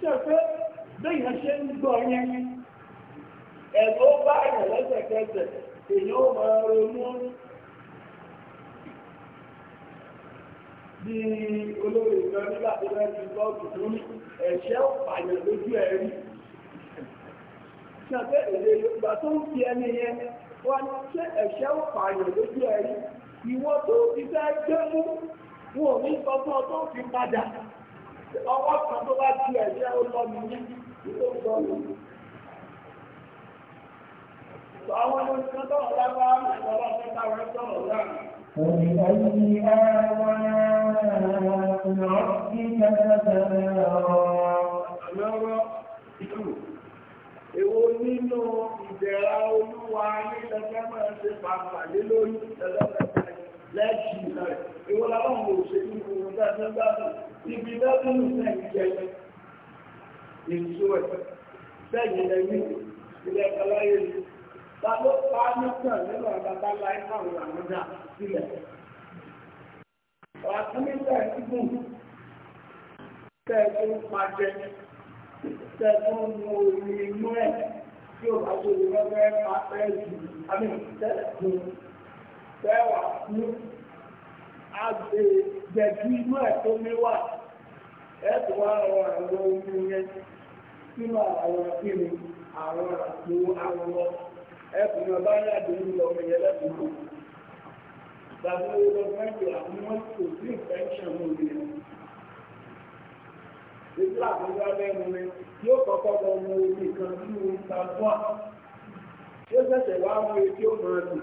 tí o pé bẹ́ẹ̀ yẹn ṣe ń gbọ́ yẹn ẹ̀rọ bá yẹn lẹ́sẹ̀kẹsẹ̀ èyí ó máa ronú bí olórí ìjọ nígbà tó bá ti gbọ́ tuntun ní ẹ̀ṣẹ́ òpàyàn lójú ẹ̀rí tí o pé èdè Yorùbá tó ń fi ẹni yẹn wá ní ṣé ẹ̀ṣẹ́ òpàyàn lójú ẹ̀rí ìwọ tó ti fẹ́ gbé mú wọn ò ní sọ fún ọ tó fi padà ọwọ́ kan tó bá ju ẹ̀jẹ̀ ó lọ nìyí tó sọ lọ. Àwọn olùkọ́ tó wà lára ìjọba ọ̀sẹ̀ta rẹ̀ sọ̀rọ̀ lára. فبأي آلاء ربك تتمارى Èwo nínú ìdẹ̀ra olúwa ní lọ́gbẹ́mọ̀ ṣe pàpàdé lórí ìtẹ́lẹ́gbẹ̀ẹ́ lẹ́ẹ̀kì rẹ̀ ìwọ làwọn òṣèlú ìwọ̀n dáadáa gbádùn ibi dábìlù náà jẹyẹ èso ẹ̀ bẹ́ẹ̀ lẹ́yìn ilẹ̀ kaláyé ni ta ló pa á nìkan nínú àbábá láì fáwọn àwọn dà sílẹ̀ ọ̀túnmíta ìdúgbò tẹ́ẹ̀tún pàjẹ tẹ́ẹ̀tún mú orí inú ẹ̀ tí ò bá tó lè lọ́gbẹ́ pàpẹ́ jù àmì tẹ́ẹ̀tún tẹ́wà fún àgbè jẹ̀bi inú ẹ̀ tó níwà ẹ̀tọ́ wá rọ àwọn ohun yẹn sínú àwọn kíni àwọn àpò àwọn ẹ̀kùn náà bá yàgbé ń lọ ọmọ yẹn lẹ́kùn náà. Gbàgbé ló fẹ́ǹkì àwọn wọn kò sí ìfẹ́ǹṣọ̀n mú mi. Ìdílé àkókò abẹ́nu mi yóò kọ́kọ́ omi kan nínú wá mú etí ó máa dùn.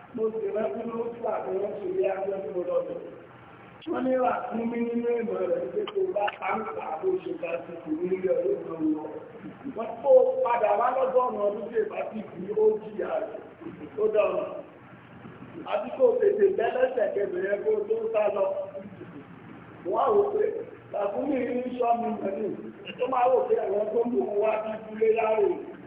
mo sì rántí ló fà ní wọ́n ṣe lé ajọ́ tí mo lọ́dọ̀. Wọ́n ní wà fún mi nínú ìmọ̀ rẹ̀ pé kò bá pàǹpà bó ṣe bá ti kù ní ilé ọdún kan lọ. Wọ́n tó padà wá lọ́gọ́rùn-ún ọdún tí èbá máa wò pé àwọn tó mú wa bí ibùdó láàrò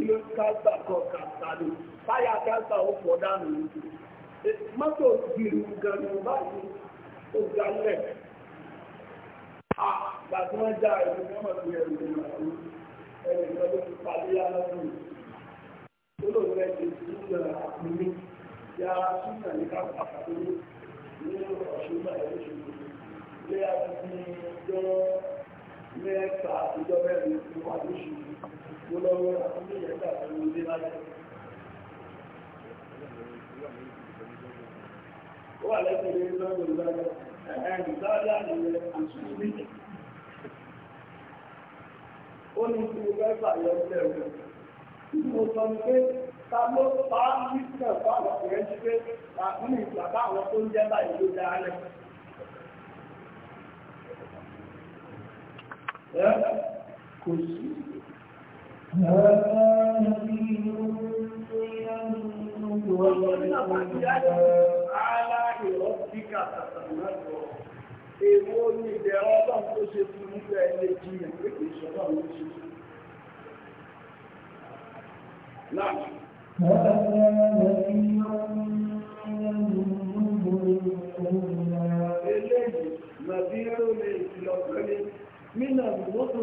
kí ló káńtà kọ kàńtà ni táyà káńtà ó fọ́ dànù ní mọ́tò gbìrù gan ni báyìí ó ga lẹ̀ àgbà tí wọ́n já ẹ̀rù ní ọmọ ìlú ẹ̀rù ìlú ẹ̀rù ìlú ẹ̀rù ti parí aláàbò tó lò rẹ̀ ti sí àkúnmí ya súnà ní ilé àti ìjọ mẹ́ta ìjọ lóṣù yìí tó lọ́wọ́ àkókò ìyẹ́gbà pẹ̀lú ilé láyé. Ó wà lẹ́sẹ̀ ilé lọ́wọ́ ìlànà ẹ̀ẹ́dì sáájá ìrẹ̀ àṣírí méjì. Ó ní kí mo fẹ́ fàyọ̀ ọ́lẹ̀ rẹ̀. Mo sọ ní pé ta ló pa á ní sílẹ̀ fún àwọn ọ̀rẹ́ sí pé àkúnì bàbá Kò sí. Èwo ni ìbẹ̀rẹ̀ ọlọ́run tó ṣe fún nígbà ilé jiyàn pé kìí ṣọ́lọ́ ló ṣe. Láàrín. Eléyìí, màbí rò lè ìlọ̀pẹ̀lẹ̀, mínà mọ́tò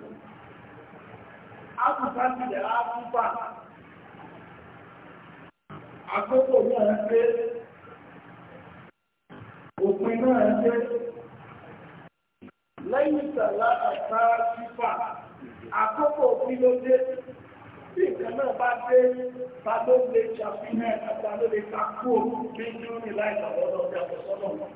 áfíríkà ti lè áfíríkà àkókò náà dé òpin náà dé lẹ́yìn ìtàlá àtà fífà àkókò òpin ló tí ìkan bá dé ta lè ṣàfihàn ẹ̀ta ló lè takú òkú bí júrì láìsàn lọ́dọ̀ ọjà ọ̀sọ́nà wọn.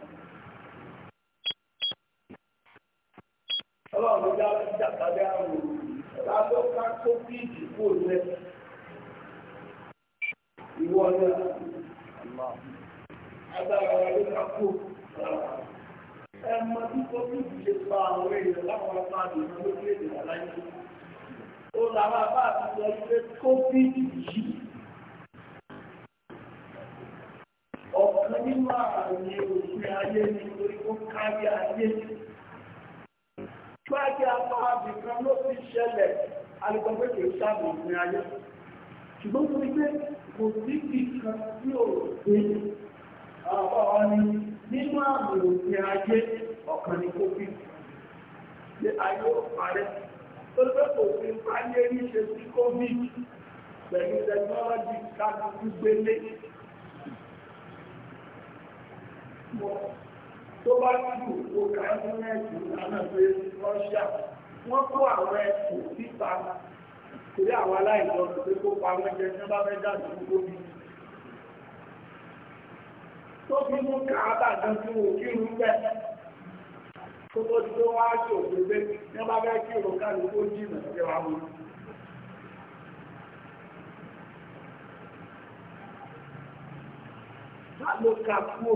Ọlọ́run ló ọ̀gá ló ká tó bí ìdìbò rẹ̀ ìwọ náà agbára wa ló ká kó ẹ mọ bí tó bí ìdíje pa àwọn èèyàn láwọn ọmọ àdìmọ́ lókèèdè àláyé ó làwọn abá àti sọ pé yìí ọ̀kan nínú ààrùn òfin ayé ni torí ó kárí ayé Tíwájú apáàbì kan ló fi ṣẹlẹ̀ alùpàgbé kìí sáàbù ní ayé. Ṣùgbọ́n mo rí pé kò sí bí kan tí ò gbé àwọn ọ̀nì nínú àmì òfin ayé ọ̀kan ní kófí. Ṣé ayé ò parẹ́? Tó ló kò fi ayé ní ṣe sí kófí pẹ̀lú tẹkinọ́lọ́jì káàkiri gbélé tó bá tù ó ká ẹ́ńtánẹ́ẹ̀tì lánàá pé rọ́ṣíà wọ́n kó àwọn ẹ̀sùn síta torí àwọn aláìlọ́dún pé kó pa àwọn ẹgbẹ́ tí wọ́n bá fẹ́ jáde gbogbo mi. tó fi mú káàbà gan tí wọ́n kí irú bẹ́ẹ̀ tó tó ti tó wá sí òpèpé tí wọ́n bá fẹ́ kí irú ká ló kó jìnà sí wa wọn. Ká ló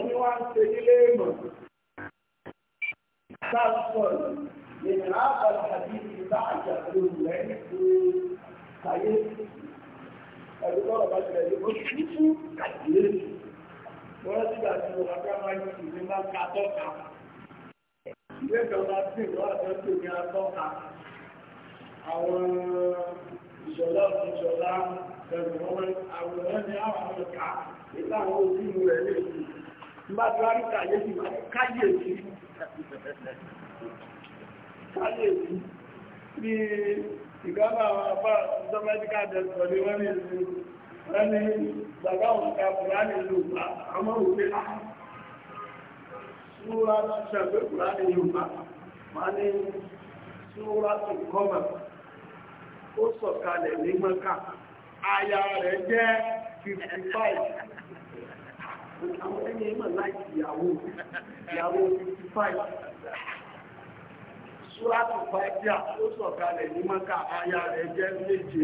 bá ń ṣe nílé mọ̀. Sáàpọ̀ ìrìn àbàlà àti ìta àjà lóru rẹ̀ ń ṣe ṣàyé. Ẹ̀rú bọ́lọ̀ bá ti rẹ̀ ó ti tú kàdílé. Wọ́n ti gbà tí mo kàkà máa ń ṣì ní máa ń ka tọ́ka. Ilé ìjọba sì wọ́n àtọ́jú ní atọ́ka. Àwọn ìṣọ̀lá ìṣọ̀lá ẹ̀rù wọn àwòrán ní àwọn lè fi. bá tó rárí kàyéfì káyèsí káyèsí ní ìgbàmà àwọn apá dọ́mẹ́díkà dẹ̀sọ̀ ní wọ́n ní ìlú wọ́n ní bàbá òun ká kùránì lòpá àmọ́ òfin súra ṣàgbé kùránì lòpá wọ́n ní tó ó sọ̀kalẹ̀ àyà rẹ̀ jẹ́ àwọn ẹni ẹ̀mọ̀ láti ìyàwó ìyàwó fifty five súrátù fàájà ó sọ̀kalẹ̀ ní mọ́kà aya rẹ̀ jẹ́ méje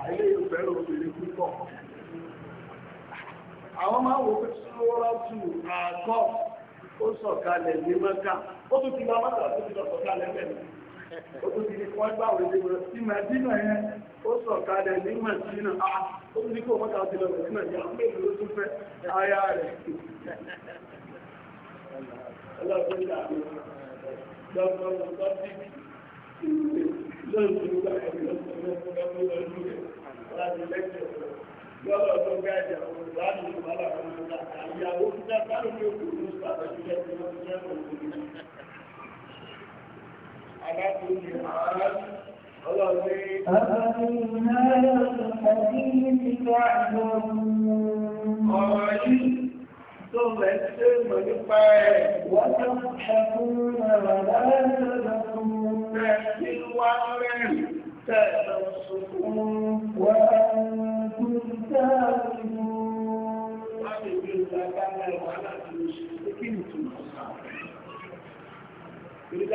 àìlè ìfẹ́rẹ̀ òbèrè púpọ̀ àwọn máa wò pé súrátù àgọ́ ó sọ̀kalẹ̀ ní mọ́kà ó tún ti lọ mọ́kà tó ti lọ sọ̀kalẹ̀ bẹ̀rẹ̀ ó tún ti di kọ́ gbà wọ́n ti wọ́n sí màdínà yẹn ó sọ kalẹ̀ ní màdínà ó tún ní kó wọ́n ta ti lọ sí màdínà pé ìlú tún fẹ́ aya rẹ̀. ọlọ́run ní àná lọ́gbọ́n lọ́gbọ́n bí lóòótọ́ nígbà ẹ̀mí lọ́sọ̀rọ̀ lọ́gbọ́n lọ́dún rẹ̀ láti lẹ́kẹ̀ẹ́ lọ́wọ́ tó gáàjà òun láti ìwà أفمن هذا الحديث تعلمون قالوا ثم السلم يقال وتضحكون ولا تبكون تحسن وعلا تبصقون وأنتم سالمون وأنتم سالمون Gbogbo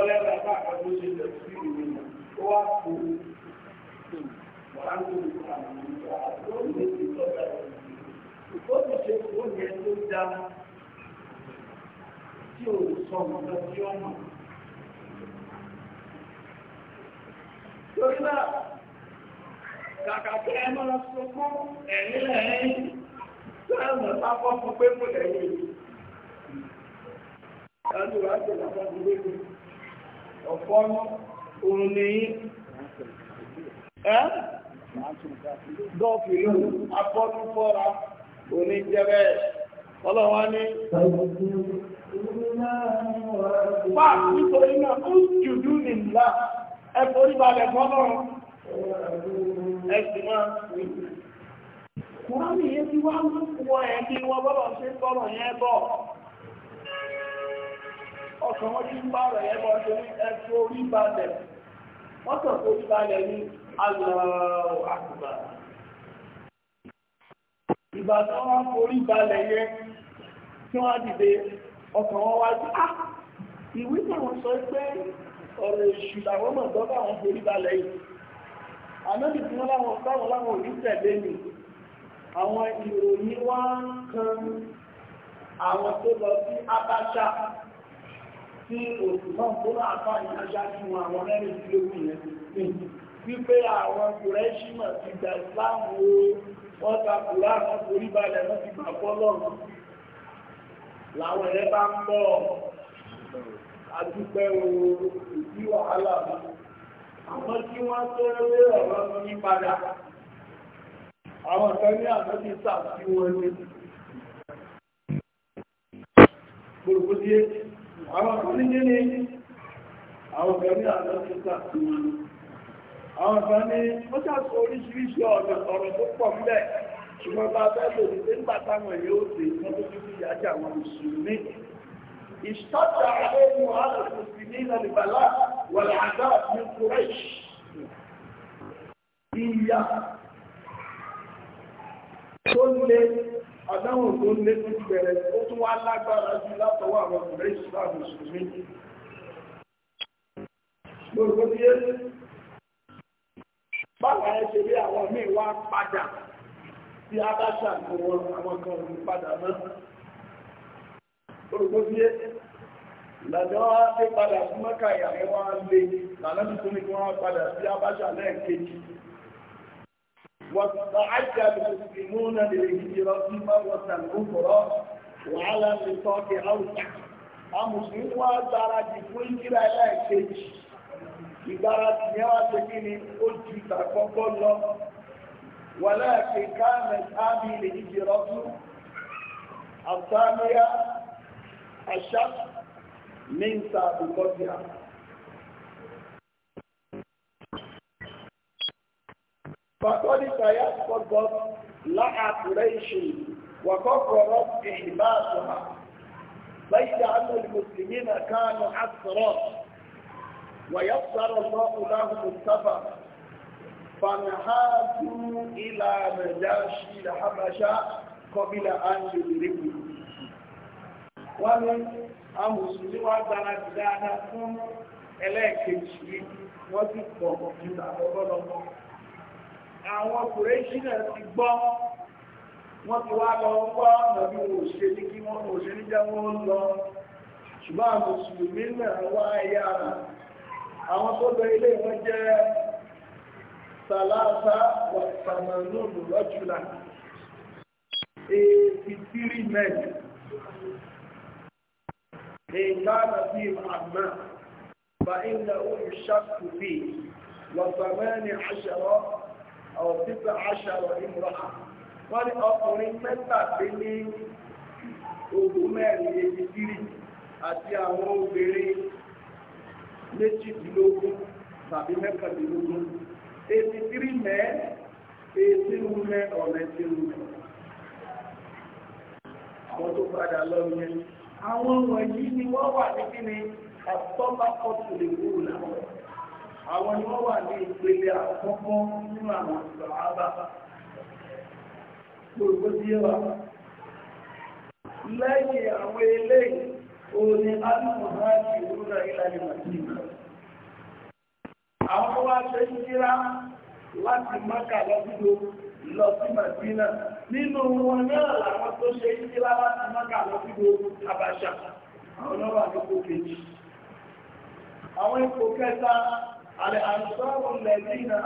ọlẹ́rẹ̀ apá àkàtó ṣe lẹ̀ sí ìrìnà tó wá kó wà á ní ìgbà àwọn olùgbé ti lọ́gbà rẹ̀. Ìgbóbi ṣe kó yẹ tó dá tí ò sọ̀rọ̀ lọ sí ọmọ. torí náà kàkà kí ẹ máa sunkún ẹ̀yìn lẹ́yìn tó ẹ̀ mọ̀ bá fọ́ fún pé mo lẹ́yìn ìlú wá sí ìlànà ìlú ọ̀pọ̀ òun ni ẹ́ gọ́ọ̀fì ló apọ́nú fọ́ra òní jẹ́rẹ́ ọlọ́wọ́ ní pàà nítorí náà ó jùdú nìlá ẹ forí balẹ̀ fọ́nà ẹ̀sìn máa kùránì yẹn ti wá ń wọ ẹ̀ bí wọ́n bọ́bọ̀ ṣe sọ̀rọ̀ yẹn bọ̀ ọ̀sán wọn ti ń bá ọ̀rọ̀ yẹn bọ̀ ṣe ní ẹ forí balẹ̀ wọ́n kàn forí balẹ̀ ní Allahu Akbar ìgbà tí wọ́n forí balẹ̀ yẹn tí wọ́n dìde ọkàn wọn wá sí ah! ìwé náà sọ pé ọ̀rọ̀ èṣù làwọn mọ̀ gbọ́ bá wọn forí balẹ̀ yìí ànábì tí wọ́n láwọn báwọn láwọn ò ní tẹ̀lé mi àwọn ìròyìn wá ń kan àwọn tó lọ sí Abacha tí òsì náà tó rà fà ní aṣáájú wọn àwọn mẹ́rin tí ó wù yẹn wípé àwọn kùrẹ́ṣímọ̀ ti gbà ìsìláàmù wọ́n ta kùrá àwọn forí balẹ̀ wọ́n ti gbà fọ́lọ́run làwọn ẹ̀rẹ́ bá ń bọ̀ àdúpẹ́ ooru ìdí wàhálà mi àmọ́ kí wọ́n tó lé ọ̀rọ̀ mi ní padà àwọn kan ní àmọ́tí sàbí wọn ní gbogbo díẹ̀ àwọn kan ní nílé àwọn kan ní àmọ́tí sàbí wọn ní àwọn kan ní wọ́n sàṣọ oríṣiríṣi ọ̀nà ọ̀rọ̀ tó pọ̀ mẹ́ اشتد عليهم وعلى المسلمين البلاء والعذاب من قريش ìyà tó lé àdáhùn tó lé tó ti bẹ̀rẹ̀ ó tún wá lágbára jù látọwọ́ àwọn ọ̀rẹ́ ìsìláàmù mùsùlùmí gbogbo tí é báwọn ẹ ṣe rí àwọn míì wá padà tí a bá ṣàkóso àwọn kan òun padà náà orúkọ sí ẹ́ ìlànà wá pé padà sí mọ́kà ìyàwó wá lé lànà tuntun ní kí wọ́n padà sí abájà lẹ́ẹ̀kejì wọ́n àti àbẹ̀sẹ̀ múnà lè yíyí lọ sí mọ́wọ́sàn lóòrọ̀ wàhálà lè tọ́kì áwùsà amùsùn wá gbáradì fún ìkíra ẹlẹ́ẹ̀kejì ìgbáradì yẹn wá ṣe kí ni ó ju ìtàkọ́kọ́ lọ wàlẹ́ẹ̀kẹ́ káàmẹ̀ ábí lè yíyí lọ sí àtàmíyá الشخص من سابقتها فقد سيسقط لها قريش وكفرت إحباسها بيد أن المسلمين كانوا أكثر ويسر الله لهم السفر فانهاجوا إلى نجاشي الحبشة قبل أن يدركوا wọ́n ní àwọn òṣèlú wa gbára jù dáadáa fún ẹlẹ́ẹ̀kejì yìí wọ́n ti pọ̀ ju àkọ́kọ́lọ́kọ́. àwọn kùrẹ́ṣì náà ti gbọ́ wọ́n ti wá lọ wọ́ ọ̀nà bí wọ́n ṣe ní kí wọ́n ṣe ní jẹ́ wọ́n lọ ṣùgbọ́n àwọn mùsùlùmí náà wá ẹ̀yà rà àwọn tó lọ ilé wọn jẹ́ sàlásà wàtàmánù lọ́jùlá eighty three men. إن كان فيهم عما فإنه يشك فيه وثمان عشر أو تسع عشر امرأة wọ́n ní ọkùnrin mẹ́tàdínlé ogún mẹ́rin eighty three àti àwọn obìnrin méjìdínlógún tàbí mẹ́kàndínlógún eighty three mẹ́ eighteen women or nineteen women àwọn tó padà lọ yẹn àwọn wọ̀nyí ni wọ́n wà ní kí ni àtọ́bá kọ́tù lè wúrò láwọn àwọn ni wọ́n wà ní ìpele àkọ́kọ́ nínú àwọn sàhábà gbogbo tí yẹ wà lẹ́yìn àwọn eléyìí òní alùpùpù ìrúnà ìlànà màdínà àwọn wá ṣe ń jíra láti máka lọ́dúnlọ́ lọ sí màdínà nínú wọn náà làwọn tó ṣe ń jíra máka lọ sí gbogbo Àbàṣà àwọn ọba àdúgbò kejì àwọn ipò kẹta àlẹ àṣọrọ lẹbi na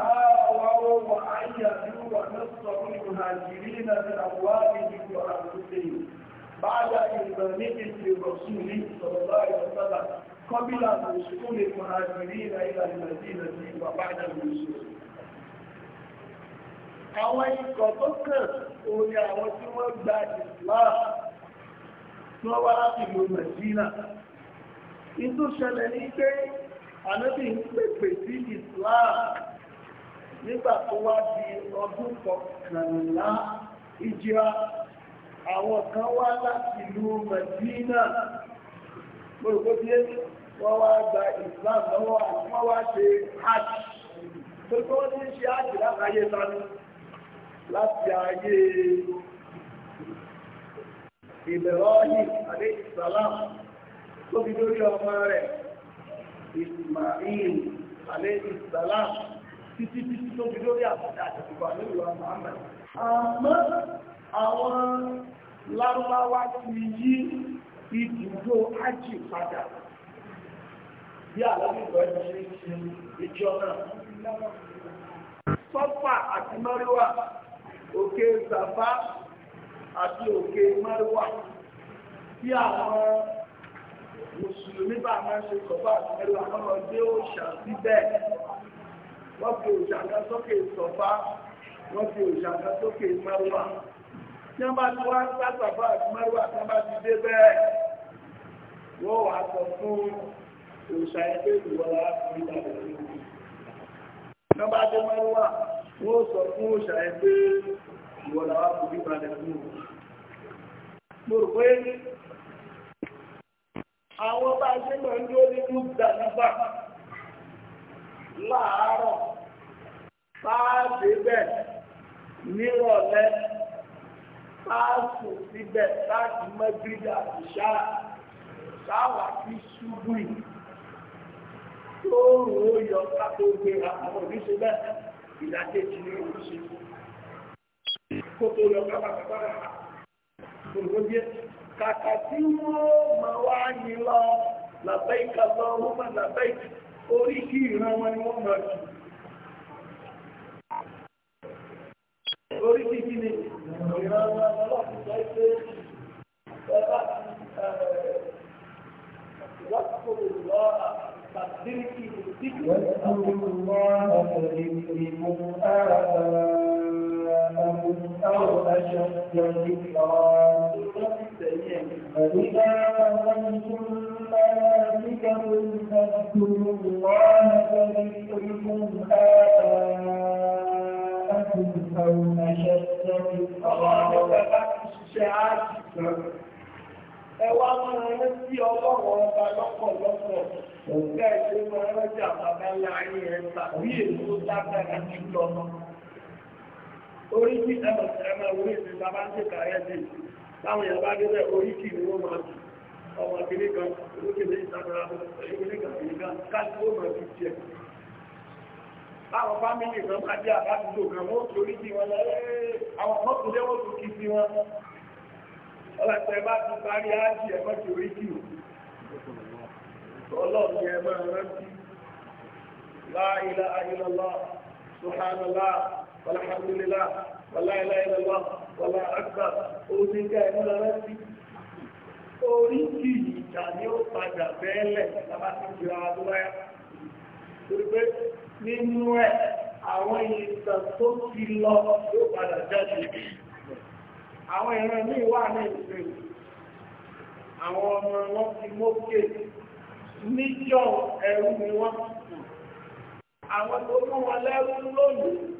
àwọn ọwọ àyà ní wà lọsọ ní nàìjíríà náà ní àwọn àbíyí wà àdúgbò báyà ìgbà ní ìpè rọ̀sùn ní ìsọ̀rọ̀ láì lọ́sọ̀lá kọ́bílà lọ́sùn lè mọ̀ àjìríra ìlà ìlàjìlà sí ìwà báyà lọ́sùn àwọn ikọ̀ tó kàn orí àwọn tí wọ́n gba ìsìláà tí wọ́n wá láti ìlú Mẹ̀dínà ìtú ṣẹlẹ̀ ní pé ànábì ń pèpè sí Islam nígbà tó wá di ọdún kọkànlá ìjìra àwọn kan wá láti ìlú Mẹ̀dínà gbogbo bí wọ́n wá gba Islam lọ́wọ́ àti wọ́n wá ṣe hajj gbogbo wọ́n ti ń ṣe hajj láti ayé tani láti ayé Ibrahim alayhi salam tó fi lórí ọmọ rẹ̀ Ismail alayhi salam títí títí tó fi lórí àbúdá àtìkò àlúwà Muhammad. Àmọ́ àwọn lárúbáwá ti yí ibùdó ájì padà bí àlọ́bìbọ̀ ìjọ náà. Sọ́fà àti Mọ́ríwà, òkè Sàfá, àti òkè mẹ́wàá tí àwọn mùsùlùmí bá máa ń ṣe sọ́fà àti mẹ́wàá wọn lọ dé òòṣà síbẹ̀ wọ́n fi òòṣà kan sókè sọ́fà wọ́n fi òòṣà kan sókè mẹ́wàá tí wọ́n bá ti wá ń sàfà àti mẹ́wàá tí wọ́n bá ti dé bẹ́ẹ̀ wọ́n wà sọ fún òòṣà ẹgbẹ́ ìwọlá ìdàgbàsókè. tí wọ́n bá dé mẹ́wàá wọ́n sọ fún òòṣà ẹgbẹ́ ìwọlá ìdàgbàsókè mo rò pé àwọn bá a ṣe máa ń dúró nínú ìdánilọ́fà láàárọ̀ sáàdé bẹ́ẹ̀ nírọ̀lẹ́ sáàsù síbẹ̀ sáàdì mẹ́gbẹ́dà ìṣá sáwà sí ṣubú yìí tó rò ó yọ ká tó gbé àwọn oníṣe bẹ́ẹ̀ ìdájẹ́jì ní oṣù kó tó yọ ká pàtàkì olùgbòdìẹ kàkà tí wọ́n máa wá yìí lọ làbẹ́ìkà lọ wọ́n máa làbẹ́ìkà orí kí ìran wọn ni wọ́n máa jù orí kíkí ni ìran wọn ọlọ́pù sọ pé ẹ̀rọ wọ́pọ̀ lọ àtàkìrìkì ìdíkì wọ́pọ̀ lọ àtàkìrìkì ìmọ̀ لكم أو أشد ذكرا فإذا قضيتم مناسككم فاذكروا الله كذكركم آباءكم أو أشد ذكرا ẹ wá máa rántí ọlọ́wọ́ ọba lọ́pọ̀lọpọ̀ òun bẹ́ẹ̀ ṣe máa rántí àbábá ńlá ayé ẹ̀ tàbí èso dágbára jùlọ náà. orí tí ẹmà orí ìsìn sábà ń tètà ayẹ́ sí láwọn èèyàn gẹ́gẹ́ orí kì ní wọ́n máa jù ọmọ kìíní kan olókè ní ìsànàrà nke kan káàkiri ó máa fi tiẹ̀. àwọn fámìlì kan alhamdulillah wàlá ilá ìlọ́lá wàlá àgbà oníkà ìmúlá rántí orí kì í ìjà ni ó padà bẹ́ẹ̀lẹ̀ lábá ti jìra adúláyà torí pé nínú ẹ̀ àwọn ìtàn tó ti lọ yóò padà jáde àwọn ìran ní ìwà ní ìsinmi àwọn ọmọ wọn àwọn tó mú wọn lẹ́rú lónìí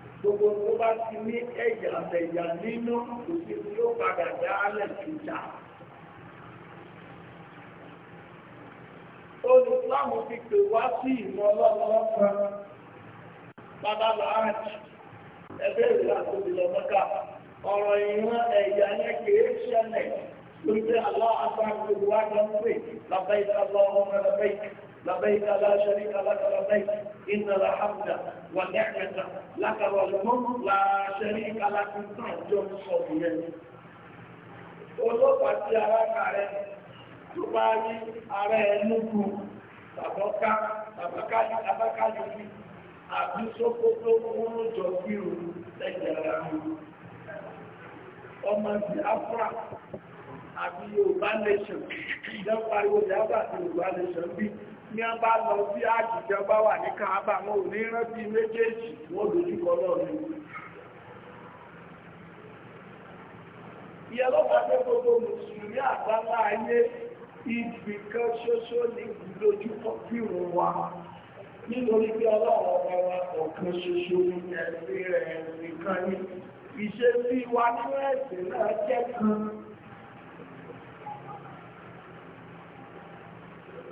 gbogbo tó bá ti ní ẹ̀yà ẹ̀yà nínú kò sí tí ó padà dá alẹ̀ ìjà. olùsọ́mù ti pè wá sí ìmọ̀ ọlọ́ọ̀lọ́kan bàbá làájì ẹgbẹ́ ìlú àtòbílẹ̀ mọ́kà ọ̀rọ̀ ìran ẹ̀yà yẹn kìí ṣẹlẹ̀ lórí àlọ́ àgbà gbogbo wa ń pè lọ́bẹ̀ ìtàlọ́ ọmọ lọ́bẹ̀ ìtàlọ́. لبيك لا شريك لك لبيك إن الحمد والنعمة لك والمن لا شريك لك تعجب صبيا olóòpá tí ara ká rẹ tó bá rí ara ẹnu kù tàbọ́ká tàbákájú bí àbí sókó tó kúrú jọ bí o lẹ́yìn ara mi ọmọ biafra àbí yorùbá nation ìjọba yorùbá àti yorùbá nation bíi ní a bá lọ sí àjíjọ bá wà ní káàbà wọn ò ní rántí méjèèjì wọ́n dojúkọ lọ́rùn ìyẹ́lọ́pàá pé gbogbo mùsùlùmí àgbáńlá ayé ibì kan ṣoṣo ní lójúkọ kírun wa nítorí pé ní ẹ̀sìn náà jẹ́ kan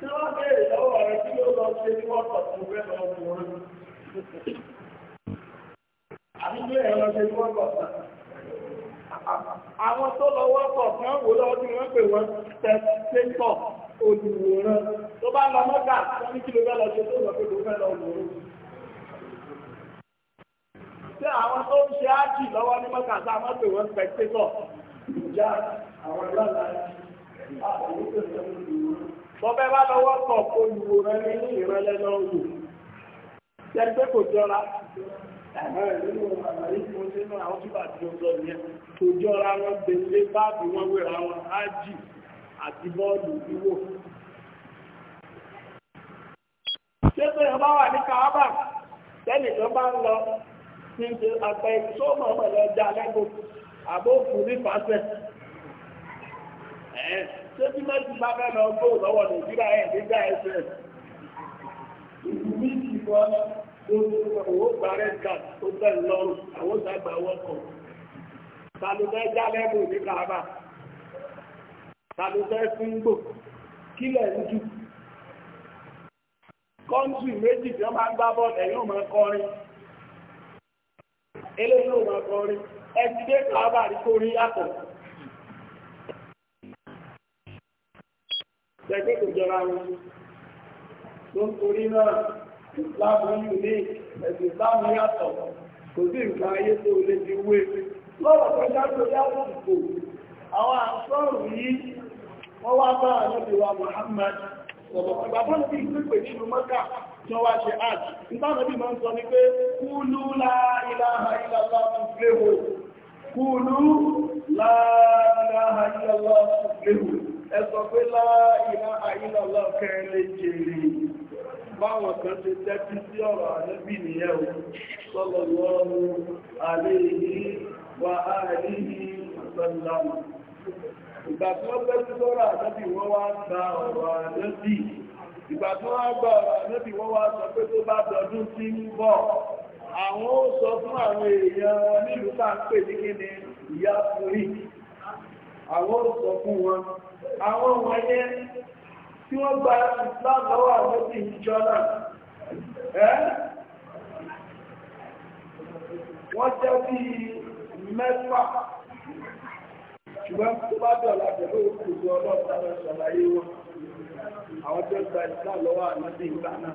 tí wọ́n bèèrè lọ́wọ́ rẹ̀ kí ló lọ ṣe ní wọ́n tọ̀ tó fẹ́ lọ wọ orí. àbí bí ẹ̀rọ lọ ṣe ní wọ́n tọ̀ tán. àwọn tó lọ wọ́pọ̀ kan wò lọ́wọ́ tí wọ́n pè wọ́n tẹ̀sítẹ́tọ̀ olùwòran tó bá lọ mọ́gà wọ́n ní kí ló fẹ́ lọ ṣe tó lọ pé ló fẹ́ lọ wọ orí. àwọn tó ń ṣe ájì lọ́wọ́ ní mọ́gà sáà mọ́ pè wọ́n tẹ̀sítẹ́tọ̀ ìjà àwọn ìlànà Bọ́bẹ́ bá lọ́wọ́ sọ kó ìwò rẹ ní ìrẹ́lẹ́ lọ́wọ́. Ṣé pé kò jọra? Kò jọra wọn gbèlé báàbì wọn wéra wọn ájì àti bọ́ọ̀lù wíwò. Ṣé pé ọba wà ní Kàábà? Tẹ́lẹ̀ tó bá ń lọ ní ṣe àpẹ ìṣọ́mọ̀ pẹ̀lú ọjà lẹ́gbò àbófù ní fàṣẹ ṣé bí méjì bá fẹ́ lọ gbó lọ́wọ́ nàìjíríà ẹ̀ nígbà ẹsẹ̀ ìdùnnú ti wọ owó parẹ́ ká tó tẹ̀ lọ́rùn àwọn ìdàgbà wọ́kọ̀ tàlùfẹ́ jálẹ̀ bò ní kàábà tàlùfẹ́ fúngbò kílẹ̀ ń jù kọ́ńtù méjì tí wọ́n máa ń gbá bọ́ọ̀lù ẹ̀yìn òun máa kọrin eléyìí òun máa kọrin ẹ̀ ti dé kàábà rí kórí yàtọ̀. jẹ́gbẹ́ kò jọra wọn tó ń torí náà ìsìláàmù yìí ẹ̀sìn ìsìláàmù yàtọ̀ kò sí nǹkan ayé tó lè fi wé lọ́rọ̀ tó dájú yàtọ̀ àwọn àṣọ́rù yìí wọ́n wá bá Muhammad sọ̀rọ̀ ẹsọ pé láàá àìlà ọlọ́kẹ́ lè jèrè báwọn kan ti tẹ́tí sí ọ̀rọ̀ ànábì nìyẹn sallallahu alayhi wa ní sallam ìgbà tí wọ́n tẹ́tí sọ́rọ̀ ànábì wọ́n wá gba ọ̀rọ̀ ìgbà tí wọ́n gba ọ̀rọ̀ wọ́n wá sọ pé tó bá dọdún sí ń bọ̀ àwọn ó sọ fún àwọn èèyàn nílùú tá à ń pè ní kíni ìyá àwọn ò sọ fún wọn àwọn tí wọ́n gba látọwọ́ àwọn sí ìjọ náà ẹ́ wọ́n jẹ́ bí mẹ́fà ṣùgbọ́n tó bá dọ̀la pẹ̀lú òkùnkùn ọlọ́ọ̀ta lọ wọn àwọn tó gba ìsìlá lọ́wọ́ àmọ́dé ìgbà náà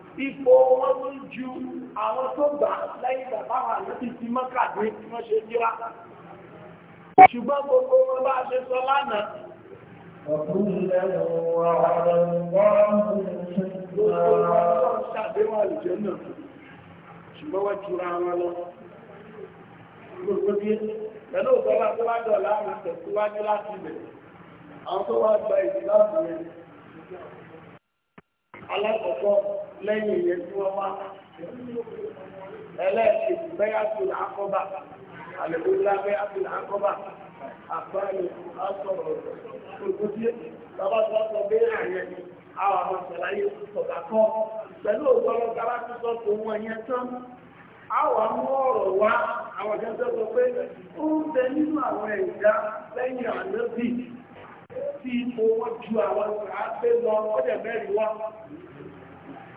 ipò wọn tó ju àwọn tó gbà lẹ́yìn bàbá wà lóbi ti mọ́kàdé tí wọ́n ṣe jíra ṣùgbọ́n gbogbo wọn bá ṣe sọ lánàá ṣùgbọ́n wọ́n jura wọn lọ gbogbo bí pẹ̀lú ìgbọ́lá tó bá dọ̀ láàrin tẹ̀síwájú láti ilẹ̀ àwọn tó wá gba ìdílá ọ̀sán alákọ̀ọ́kọ́ lẹ́yìn ìyẹn tí wọ́n wá ẹlẹ́ẹ̀kejì bẹ́yà tó là ákọ́bà àlèkúlá a àgbáyé asọ̀rọ̀ òkúté bàbá tó wá sọ tó àwọn sọ pé nínú àwọn ẹ̀dá lẹ́yìn sí ipò ju àwọn àgbẹ̀ lọ ọdẹ̀ mẹ́rin wọn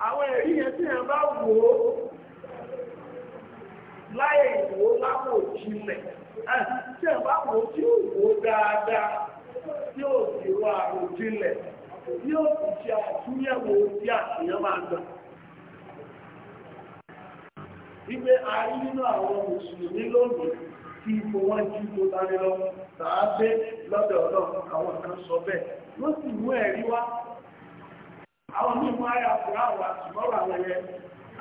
àwọn ẹ̀rí yẹn tí yẹn bá wò ó láyé ìwò láwò jinlẹ̀ tí yẹn bá wò ó tí ó wò ó dáadáa tí ó sì wọ àròjinlẹ̀ tí ó sì ṣe àtúnyẹ̀wò tí máa gbà a nínú àwọn mùsùlùmí tí ipò wọn jù tó dání lọ tààbé lọ́dọ̀ ọlọ́run àwọn kan sọ bẹ́ẹ̀ ló sì mú ẹ̀rí wá àwọn mímú ayé àkùrá àwọn àtùmọ́rọ̀ àwọn ẹ̀yẹ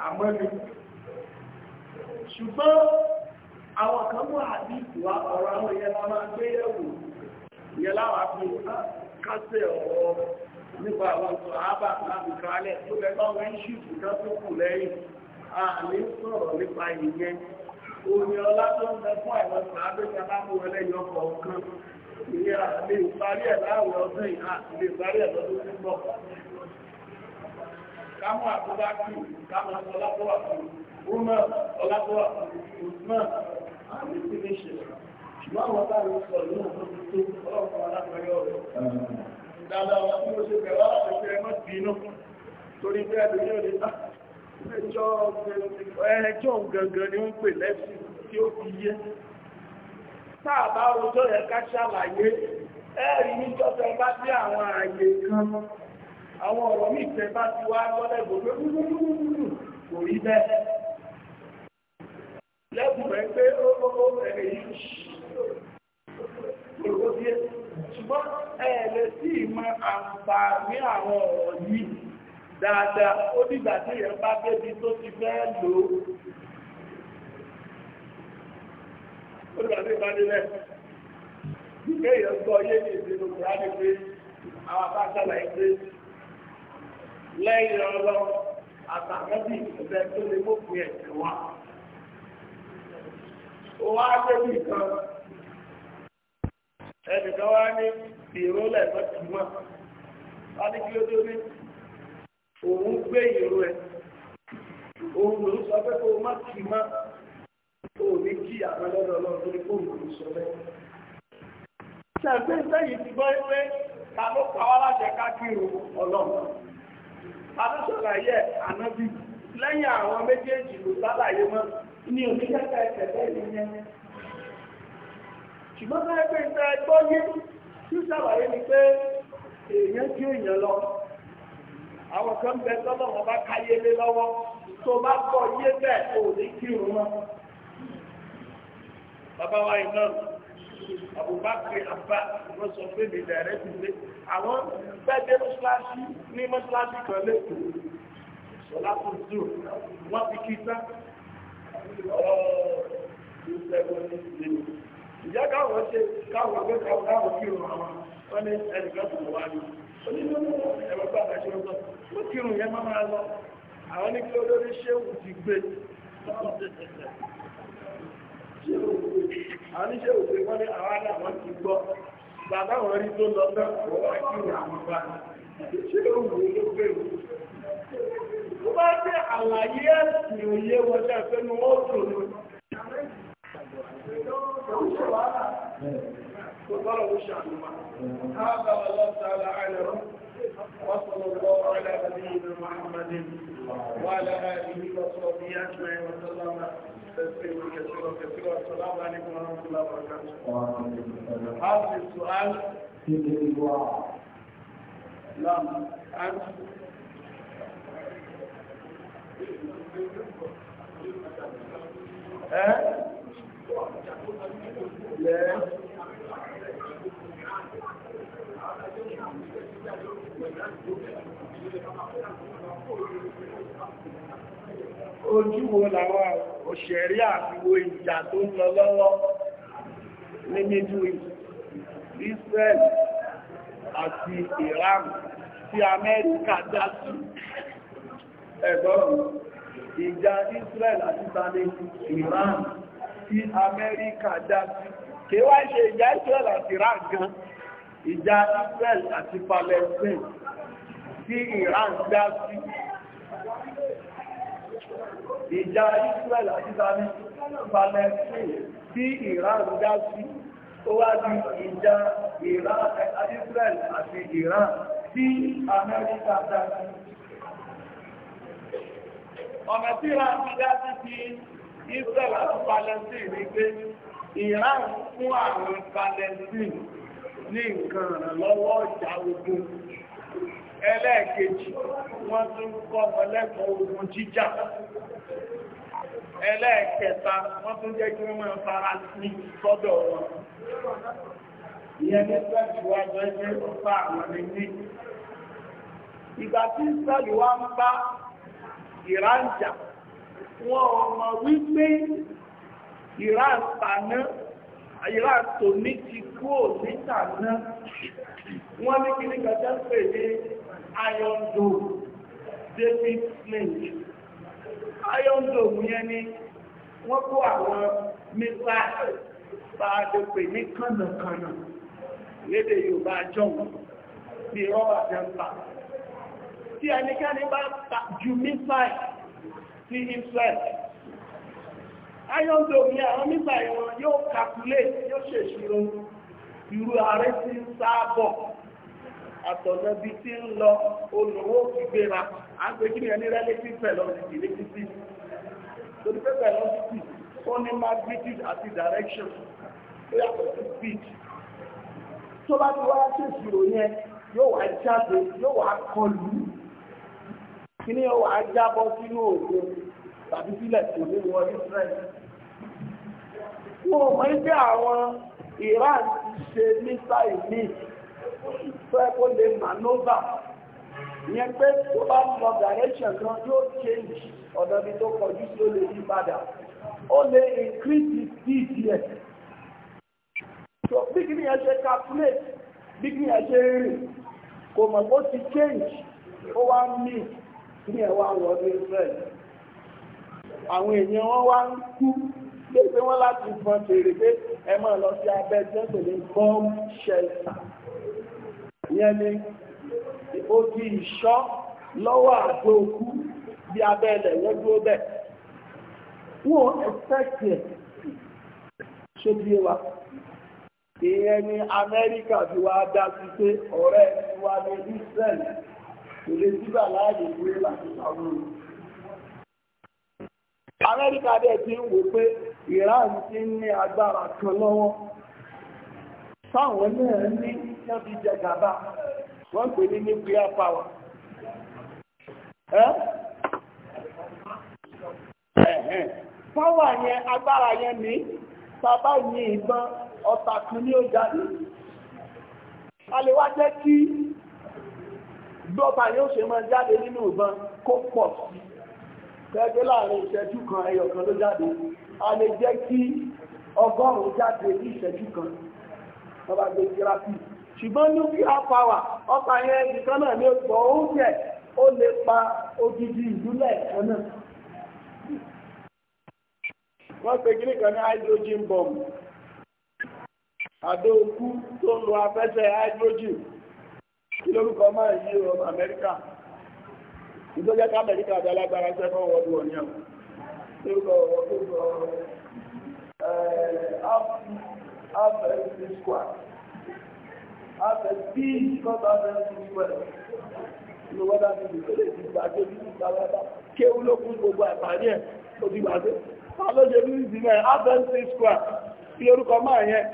àmọ́ ni ṣùgbọ́n àwọn kan mú àdìsù wá ọ̀rọ̀ àwọn ẹ̀yẹ la máa gbé yẹ̀wò ìyẹn láwọn àbí kásẹ̀ ọ̀rọ̀ nípa àwọn ọ̀sọ̀ àbá láti kalẹ̀ tó lẹ́gbọ́n wọn ń ṣì òní ọlá tó ń bẹ fún àwọn sàábé tí a bá mú wọlé yọ kọ̀ọ̀kan ìyá lè parí ẹ̀ láàrọ̀ ọdún ìhà lè parí ẹ̀ lọ́dún tí ń bọ̀. kámọ́ àtúbá kì kámọ́ ọlábọ́wà kù rúmọ̀ ọlábọ́wà kù usman àmì tí ní ṣe ṣùgbọ́n àwọn bá mi sọ ìlú tó tó ẹjọ́ gangan ni ó ń pè lẹ́sìn tí ó fi yé sáàbá ọjọ́ yẹ ká ṣàlàyé ẹ̀rí níjọ́tẹ̀ bá dé àwọn ààyè kan àwọn ọ̀rọ̀ ní ìfẹ́ bá ti wá gbọ́lẹ̀gbò dáadáa ó dìgbà tí èèyàn bá débi tó ti fẹ́ lò ó ó dìgbà tí èèyàn bá délẹ̀ ìgbé èèyàn gbọ́ yé ní ìdílé kùránì pé àwọn bá ṣàlàyé pé lẹ́yìn ọlọ́ àtàkẹ́bí ìfẹ́ tó lè ẹ̀ wá. ó wá kan ẹnìkan wá ní ìrólẹ̀ mọ́tìmọ́ wá ní kí òun gbé ìró ẹ òun ló sọ pé kó o má kì í má o ní kí àwọn ọlọ́run ní kó o lò sọ bẹ́ẹ̀. ṣàgbé sẹ́yìn ti gbọ́ pé ta ló pa wá láṣẹ ká kírun ọlọ́run ta ló ṣàlàyé ànábì lẹ́yìn àwọn méjèèjì ló ṣàlàyé mọ́ ní oníkẹ́kẹ́ ẹ̀kẹ́ bẹ́ẹ̀ ni yẹn ṣùgbọ́n sẹ́yìn pé ń tẹ́ gbọ́ yé sísàlàyé ni pé èèyàn àwọn kan bẹ lọ́nà wọn bá káyé lé lọ́wọ́ tó bá kọ yé bẹ́ẹ̀ kò ní kírun wọn. bàbá wa yìí náà Abubakar Abba ló sọ pé mi dẹ̀rẹ́ ti lé àwọn gbẹ́dẹ́ mọ́ṣáláṣí ní mọ́ṣáláṣí kan lẹ́kọ̀ọ́ sọlá tó dùn wọ́n ti kí sá. ọ̀ọ́ ìṣẹ́gun ní ìlú ìjẹ́ káwọn ṣe káwọn gbé káwọn kírun àwọn wọn ní ẹnìkan tó wà ní onínúmú ẹ̀rọ gbàgbà ṣe lọ ó kírun yẹn máa máa lọ àwọn ní kí olórí ṣéwù ti gbé àwọn ní ṣéwù pé wọ́n ní àwọn aláwọ̀n ti gbọ́ bàbá wọn rí tó lọ náà wọ́n wá kírun àwọn bá ṣéwù ló gbé wù tó bá dé àlàyé ẹ̀sìn òye wọn ṣàfẹ́nu ó dùn هذا والله تعالى أعلم وصلى الله على نبينا محمد وعلى آله وصحبه أجمعين وسلم تسليما كثيرا كثيرا السلام عليكم ورحمة الله وبركاته هذا السؤال نعم أنت أه؟ lee ojú wo làwọn òṣèré àfiwò ìjà tó ń lọ lọ́wọ́ ní middle east Israel àti Iran tí Amẹ́ríkà dá sí ẹ̀gbọ́n ìjà Israel àti Iran tí Amẹ́ríkà dá sí kéwàá ṣe ìjà Israel àti Iran gan ìjà Israel àti Palestine tí Iran dá sí ìjà Israel àti Palestine tí Iran dá sí ó wá di ìjà Israel àti Iran tí Amẹ́ríkà dá sí ọ̀nà tí Iran dá sí ti Israel àti Palestine ní pé Iran fún àwọn Palestine ní nǹkan ìrànlọ́wọ́ ìjà ogun ẹlẹ́ẹ̀kejì wọ́n tún kọ́ ọlẹ́kọ̀ọ́ ogun jíjà ẹlẹ́ẹ̀kẹta wọ́n tún jẹ́ kí wọ́n máa fara sí sọ́dọ̀ wọn ìyẹn ní sẹ́ẹ̀tìwájọ́ ẹgbẹ́ ọ̀pá àwọn ẹni ìgbà tí sẹ́ẹ̀lì wá ń bá ìránjà wọn ọmọ wípé ìran tàná ìran tòní ti kúrò ní tàná wọ́n ní kí ní gbàjá pè ní iron dome david flint iron dome yẹn ni wọ́n kó àwọn mítà báadé pè ní kànnàkànnà lédè yorùbá jọ̀wọ́ bí rọ́bà jẹ́ ń bà tí ẹnikẹ́ni bá ju mítà yìí sí Israel. Ayọ́ndò ní àwọn mítà ìwọ̀n yóò calculate yóò ṣèṣirò irú ààrẹ tí ń sáàbọ̀ àtọ̀nàbí tí ń lọ olùwó ìgbéra. À ń pè kí ni ẹni relative velocity létítì. Torí pé velocity ó ní magnitude àti direction ó yàtọ̀ sí speed. Tó bá ti wá ṣèṣirò yẹn yóò wá jáde yóò wá kọlù. Kí ni yóò wá jábọ́ sínú òkun? tàbí sílẹ̀ kò ní wọ Israel. Wọ́n mọ̀ pé àwọn Iran ti ṣe níta ìní tó kó lè manova. Ìyẹn pé tó bá lọ direction kan yóò change ọ̀dọ̀ ibi tó kọjú sí ó lè yí padà. Ó lè increase speed yẹn. So bí kí ni ẹ ṣe calculate bí kí ni ẹ ṣe rìn kò mọ̀ pé ti change ó wá mí kí ni ẹ wá wọ ọdún Israel àwọn èèyàn wọn wá ń kú pé wọ́n láti fọn fèrè pé ẹ máa lọ sí abẹ́ jẹ́pẹ̀lẹ́ bomb shelter ìyẹn ni ó di ìṣọ́ lọ́wọ́ àgbò òkú bí abẹ́ ilẹ̀ wọ́n dúró bẹ̀ wọ́n ẹ̀fẹ́kì ẹ̀ ṣojú wa ìyẹn ni Amẹ́ríkà fi wá dá sí pé ọ̀rẹ́ wa ní Israel kò lè sígbà láàyè ìwé láti sàwọn òkú amẹ́ríkà dẹ̀ ti ń wò pé iran ti ní agbára kan lọ́wọ́ táwọn náà ní tẹ́bí jẹ gàbá wọ́n pè ní nuclear power pọ́wà yẹn agbára yẹn ní sábà ní ìbọn ọ̀tà kan ní ó jáde a lè wá jẹ́ kí gbọ́ta yóò ṣe máa jáde nínú ìbọn kó pọ̀ sí i Gẹ́gẹ́ láàrin ìṣẹ́jú kan ẹyọ kan ló jáde, a lè jẹ́ kí ọgọ́rùn-ún jáde ní ìṣẹ́jú kan. Wọ́n gbé gíráfì. Ṣùgbọ́n pawa power, ọkà yẹn náà ní pọ̀ oúnjẹ, ó lè pa odidi ìlú lẹ́ẹ̀kan náà. Wọ́n pe kí nìkan ní hydrogen bomb. Àdó okú tó lo afẹ́fẹ́ hydrogen. Kí lórúkọ máa yí ọmọ ìtọ́jẹ́ ká Amẹ́ríkà bí alágbára ṣẹ́ fọ́ wọ́n wọ́n ní àwọn lórúkọ wọ́n tó sọ afc squad afc kọ́tà afc squad ló wọ́n dábí ìlú tó lè ti gbàgbé bí ìgbàlódà kéwú ló kún gbogbo àpárí ẹ̀ ó ti gbàgbé. wọ́n ló ṣe bí ìdílé afc squad bí orúkọ máa yẹn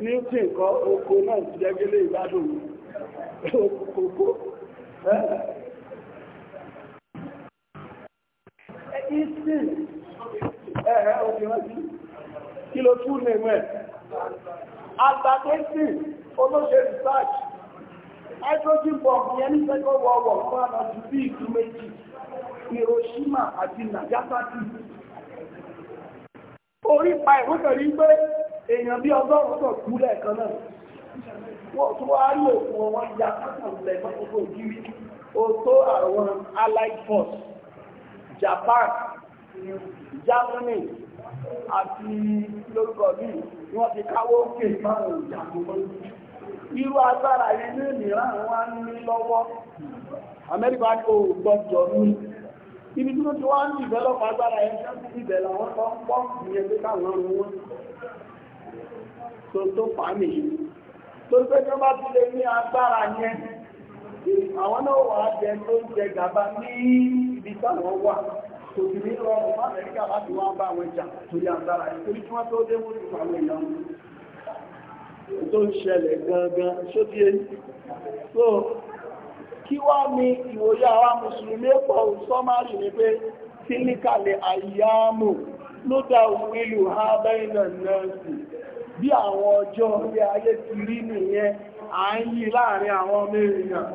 ní tí nǹkan oko náà ti jẹ́gẹ́lẹ́ ìgbádùn oko ìsìn ẹ̀ẹ́ òkèrànjú kí ló tún lè mẹ́ àgbàgbésì olóṣè research hydrogen bomb yẹn ní fún bí méjì Hiroshima àti orí pa pé èèyàn bí ọgọ́rùn-ún náà kú lẹ́ẹ̀kan náà wọ́n tún wá rí òkun wọn ya kásàlẹ̀ mọ́tòkò ògiri ó tó àwọn allied force Japan Germany àti lórúkọ bíi ni wọ́n ti káwọ́ òkè márùn-ún ìjàkúmọ́ irú agbára yẹn ní ìmìíràn wá ní lọ́wọ́ Amẹ́ríkà ní o gbọ́dọ̀ ní ibi tí wọ́n ti wá ń dìbẹ́lọ́pọ̀ agbára yẹn ní ìbẹ̀lẹ̀ àwọn kan pọ́ọ̀pù yẹn pé káwọn ọ̀run wọn tó tó fà á nìyí tó pé tó bá ti lè ní agbára yẹn àwọn náà wà á jẹ tó ń jẹ gàba ní ibi táwọn wà kò sì ní rọrùn fún amẹ́ríkà láti wá bá àwọn ìjà torí agbára yìí torí kí wọ́n tó dé wọ́n ti àwọn èèyàn tó ń ṣẹlẹ̀ gangan sókè so kí wá ní ìwòye àwa mùsùlùmí pọ̀ sọ́márì ni pé tílíkàlẹ̀ àyàmù ló dá òun ìlú ha bẹ́ẹ̀ náà náà sí bí àwọn ọjọ́ orí ayé ti rí nìyẹn à ń yí láàrin àwọn ọmọ èèyàn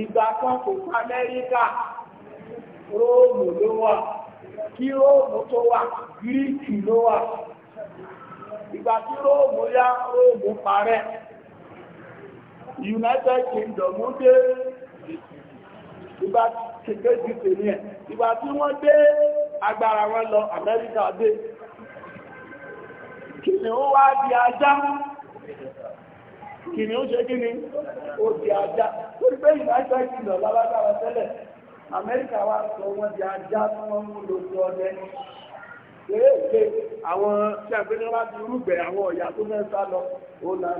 ìgbà kan kò pa Amẹ́ríkà Róòmù ló wà kí Róòmù tó wà Gíríkì ló wà ìgbà tí Róòmù yá Róòmù parẹ́ United Kingdom dé ìgbà kékeré ti tèmi ẹ̀ ìgbà tí wọ́n dé agbára wọn lọ Amẹ́ríkà dé kìnìún wá di ajá kìnìún ṣe kí ni ó di ajá ó rí pé ìdájọ́ ìkìlọ̀ lálágbára tẹ́lẹ̀ amẹ́ríkà wá sọ wọ́n di ajá tí wọ́n mú lọ sí ọdẹ kéèké àwọn tí àgbẹ̀rẹ̀ wá ti rúgbẹ̀ àwọn ọ̀yà tó fẹ́ sá lọ ó na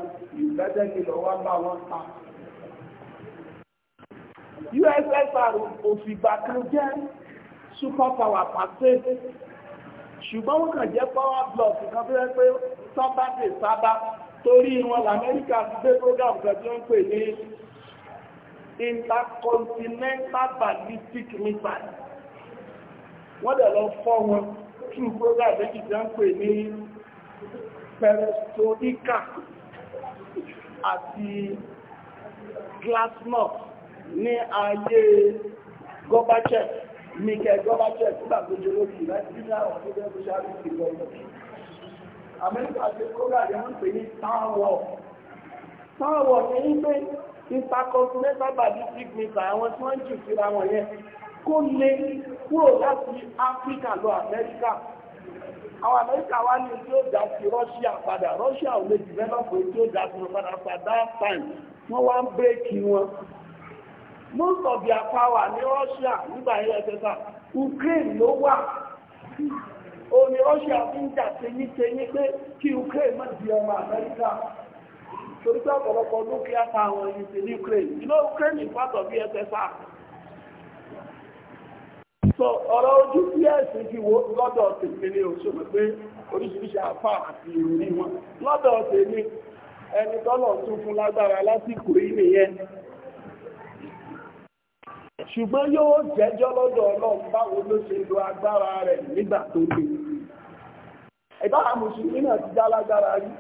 ìgbẹ́jẹ́ kìlọ̀ wá bá wọn pa USSR òfìgbà kan jẹ́ superpower pàṣẹ ṣùgbọ́n wọ́n kàn jẹ́ power block kan tó yẹ pé sábà dé sábà torí wọn lamẹ́ríkà gbé program kan tí ó ń pè ní intercontinental ballistic missile wọ́n dẹ̀ lọ fọ́ wọn tún program méjì tí wọ́n pè ní perestroika àti glasnost ní ayé Gorbachev mi kẹ gọba jẹ nígbà tó jẹ lórí ìrẹsì ní àwọn tó jẹ bóṣá rí sí lọ lọ amẹ́ríkà ṣe kóra rẹ̀ wọ́n pè ní táwọ̀ táwọ̀ ní wípé intercontinental body sickness àwọn tí wọ́n jù síra wọn yẹn kó lè kúrò láti áfíríkà lọ amẹ́ríkà àwọn amẹ́ríkà wá ní tí ó dá sí russia padà russia ò lè develop tí ó dá sí wọn padà for that time wọ́n wá ń bírèkì wọn most of their power ní Russia nígbà ilẹ̀ Ukraine ló wà o ní Russia fi ń jà tẹ́yí tẹ́yí Ukraine má di ọmọ Amẹ́ríkà torí pé ọ̀pọ̀lọpọ̀ nuclear power yìí ti ní Ukraine you know Ukraine is part of ẹ̀tẹ́ta so ọ̀rọ̀ ojú tí ẹ̀sìn ti wo lọ́dọ̀ tèmi òṣèlú pé oríṣiríṣi àfà àti ìròyìn wọn lọ́dọ̀ tèmi ẹni tọ́lọ̀ tún fún lágbára lásìkò yìí nìyẹn ṣùgbọ́n yóò jẹ́jọ́ lọ́dọ̀ ọlọ́run báwo ló ṣe lo agbára rẹ̀ nígbà tó lè ìbára mùsùlùmí náà ti dá rí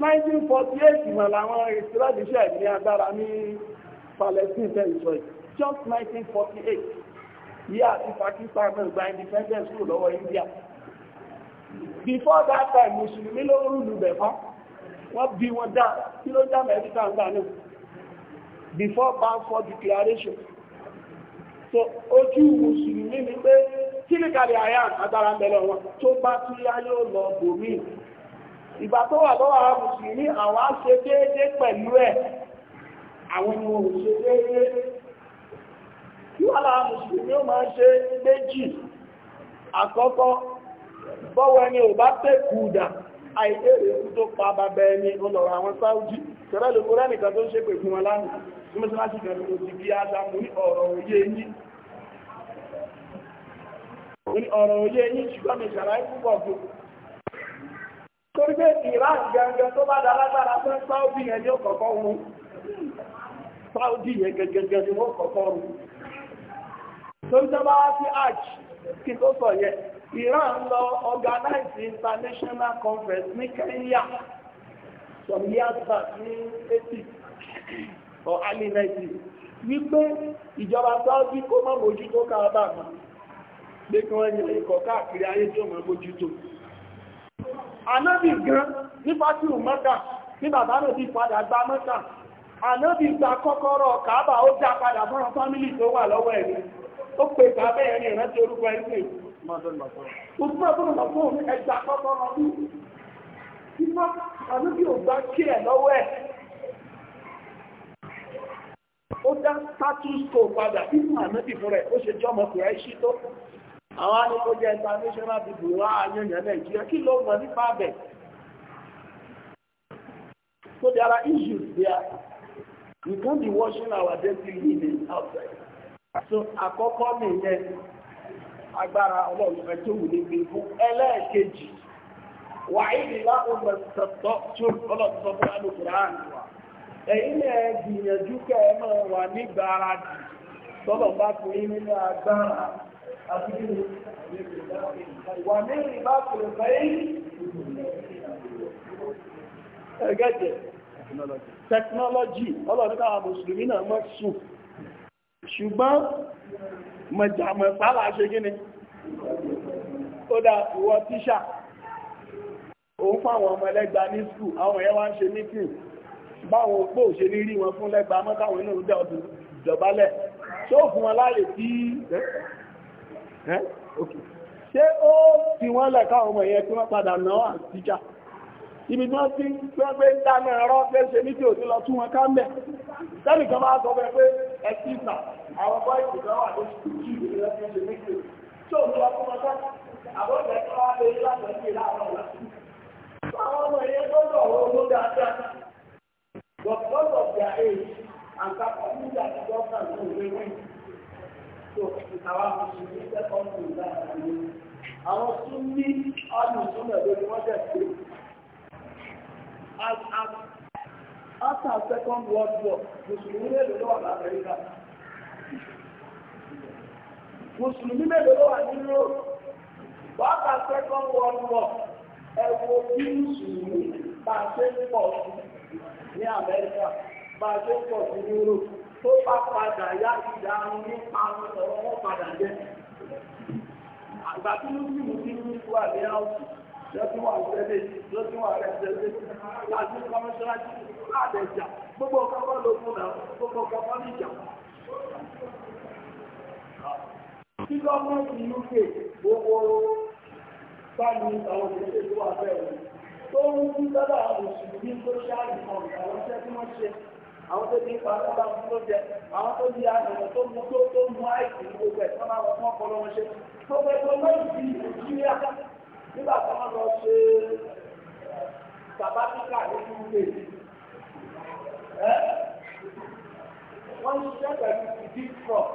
1948 mọ̀ làwọn ìsìláàdìṣẹ́ ní agbára ní Palestine territory just 1948 yíya àti Pakistan náà gba independence kúrò lọ́wọ́ India before that time mùsùlùmí ló rúlù bẹ̀fọ́ wọ́n bí wọn dá kí ló dá mẹ́ríkà ń gbà náà before Balfour declaration so ojú mùsùlùmí ni pé kíníkàlì àyà agbára ń bẹ̀rẹ̀ wọn tó bá tún yá yóò lọ bòmí ìgbà tó wà lọ́wọ́ àwọn mùsùlùmí àwọn á ṣe déédéé pẹ̀lú ẹ̀ àwọn ni wọn ò ṣe déédéé kí wọ́n láwọn mùsùlùmí ó máa ṣe méjì àkọ́kọ́ bọ́wọ́ ẹni ò bá tẹ̀kù dà àìdéèrè ikú tó pa bàbá ẹni ó lọ̀rọ̀ àwọn sáúdí tẹ́lẹ̀ lóko rẹ́nìkan tó ń ṣépè fún wọn lánàá ní mọ́sálásí kan tó ti bí ádá mo ní ọ̀rọ̀ òye yín mo ní ọ̀rọ̀ òye yín ṣùgbọ́n mi ṣàlàyé púpọ̀ fún torí pé Iran gangan tó bá dá lágbára fún Saudi yẹn ní ó kọ̀kọ́ wọn Saudi yẹn gẹ́gẹ́gẹ́ ni wọ́n kọ̀kọ́ wọn torí tó bá wá sí hajj kí tó sọ yẹn Iran lọ organize international conference ní Kenya some years back ní 80 or early 90s wípé ìjọba Saudi kó má mójútó káàbà mọ́ pé kí wọ́n káàkiri ayé tí ó mọ̀ mójútó anábì gan ní mọ́ta ní bàbá náà ti padà gba mọ́ta anábì gba kọ́kọ́rọ́ káàbà ó padà fámílì tó wà lọ́wọ́ ẹ̀rí ó ó dá status quo padà nínú ànábì fún rẹ̀ ó ṣe jọ́ ọmọkùnrin ṣí tó àwọn anìkójẹ international people wá àyànyàn nàìjíríà kí ló mọ̀ nípa abẹ̀ So there are issues there. We can't be washing our dirty linen outside. So àkọ́kọ́ nìyẹn agbára ọlọ́run ẹ̀ tó wù ní ẹlẹ́ẹ̀kejì wàá ọmọ ìsọ̀tọ̀ tó ọlọ́run sọ fún àná wa. ẹ̀yin náà gbìyànjú kẹ́ ẹ máa wà nígbàradì tọ́lọ̀ bá fún yín nínú agbára àti wà ní ìbá pèrè bẹ́ẹ̀ ẹ̀gẹ́jẹ̀ tẹkinọ́lọ́jì ọlọ́run káwà mùsùlùmí náà mọ́ sùn ṣùgbọ́n mọ̀jàmọ̀sá láṣe gíní ó dá ìwọ tíṣà òun fáwọn ọmọ ẹlẹ́gbà ní skul àwọn ẹ̀yẹ́ wá ń ṣe mítìrì báwọn òpó òṣè ní rí wọn fún lẹ́gbàá mọ́tàwọn inú ìdá ọdún ìjọbalẹ̀ ṣé ó fún wọn láàyè tí ṣé ó fi wọ́n lẹ̀ káwọn ọmọ yẹn tí wọ́n padà náà àtijá ibi tí wọ́n ti wọ́n gbé ń dáná ẹ̀rọ pé ṣe ní tí ò ní lọ tún wọn ká mẹ́ sẹ́nì kan máa sọ fẹ́ pé ẹ ti nà àwọn bọ́ ìgbìkan wà tó kí ìlú rẹ̀ fi because of their age and that community that the government will be win. So our Mùsùlùmí fẹ́ kọ́ sí and àgbáyé. Àwọn tún ní ọdún tún lè lórí wọ́n jẹ́ pé as as after second world war Mùsùlùmí mélòó ló wà ní Amẹ́ríkà. Mùsùlùmí mélòó ló wà ní Europe. After second world war ẹ wo bí Mùsùlùmí bá a ṣe ń pọ̀ sí ní Amẹ́ríkà bá a tó pọ̀ sí yúrò tó bá padà yá ìjà àwọn nípa àwọn ọ̀rọ̀ wọn padà jẹ́. Àgbà tí ló sì mú sí ní ìlú àbí áwùsù lọ́tún wà sẹ́lẹ̀ lọ́tún wà rẹ̀ sẹ́lẹ̀ láti kọ́mọ́sọ́lájì gbogbo kọ́kọ́ ló fún náà gbogbo kọ́kọ́ UK gbogbo bá ní àwọn òṣèlú tó ń mú sábà òṣùlùmí tó ṣáàrì kan àwọn iṣẹ́ tí wọ́n ṣe àwọn tó ti ń pa ọba fún tó jẹ àwọn tó di àgbẹ̀mọ̀ tó mú tó tó mú àìsí ní gbogbo ẹ̀sán máa wọ́n kọ́ lọ́wọ́ ṣe tó fẹ́ tó lọ́yìn sí nàìjíríà nígbà tí wọ́n lọ ṣe sàbátíkà ní kúrúgbè wọ́n ṣiṣẹ́ pẹ̀lú ìdí crop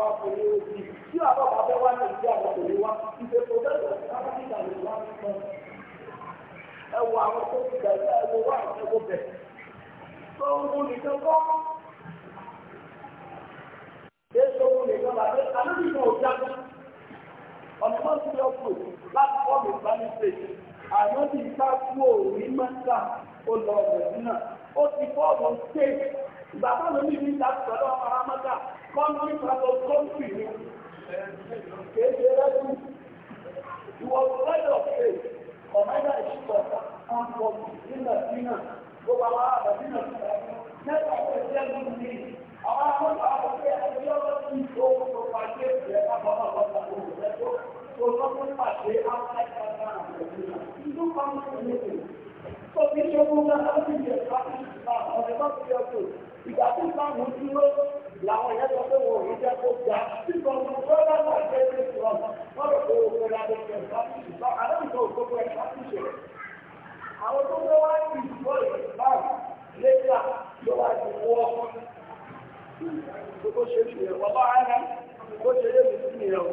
wá fún ní òbí tí àbá bàbá wá ní ìdí àwọn òní wá ìdè pòtẹ́tò sábàbí ìdàlù wá ń pọn ẹwọ àwọn to ti gbà ẹgbẹ́ ẹwọ wá ẹwọ bẹ̀ tó ń mú nìkan kọ́ ṣé tó mú nìkan bàbá àlejò ìgbà òjá ọ̀nà mọ́tò yọkùn láti fọ́ọ̀mù ìbánisẹ̀ àmọ́ bí ká kú òní mẹ́ta ó lọ ọ̀gbẹ̀dún náà ó ti fọ́ọ̀mù state ìgbà táwọn omi ní ìdájọ́ pẹ̀lú ọmọ arámọ́ta kọ́ńtì pàtó kọ́ńtì ni kéde rẹ́dù ìwọ̀n rẹ́dù ọ̀fẹ́ ọ̀mẹ́dà ìṣúkọ̀ ọ̀nkọ̀ nígbà sínà gbogbo àwọn àbẹ̀sínà mẹ́ta ìpèsè ẹ̀dùn ní àwọn akọ́kọ̀ àbẹ̀sẹ̀ ẹ̀dùn yọ̀ọ́ Ìgbà tí ìsáàmù dúró làwọn ìyẹn sọ pé wọn ò ní jẹ́ kó gbà tí gbọ̀ngàn bọ́lá wà jẹ́ ilé ìtura wọn rò pé òkú ra lè jẹ ìsáàmù sọ àdáǹtò òkú ẹ̀ sáàmù rẹ̀. Àwọn tó fẹ́ wá sí ìbò ìsáàmù lẹ́yà ló wá sí owó ọkọ. Gbogbo ṣe fi ẹ̀wọ̀ bá ara bó ṣe lè fi sí ìyẹ̀wò.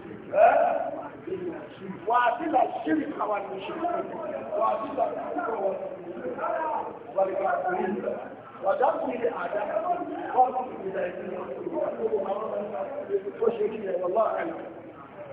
وأذل الشرك والمشركين وأذل الكفر والكافرين ودمر أعداءهم وارزق بدايتهم وشركهم والله أعلم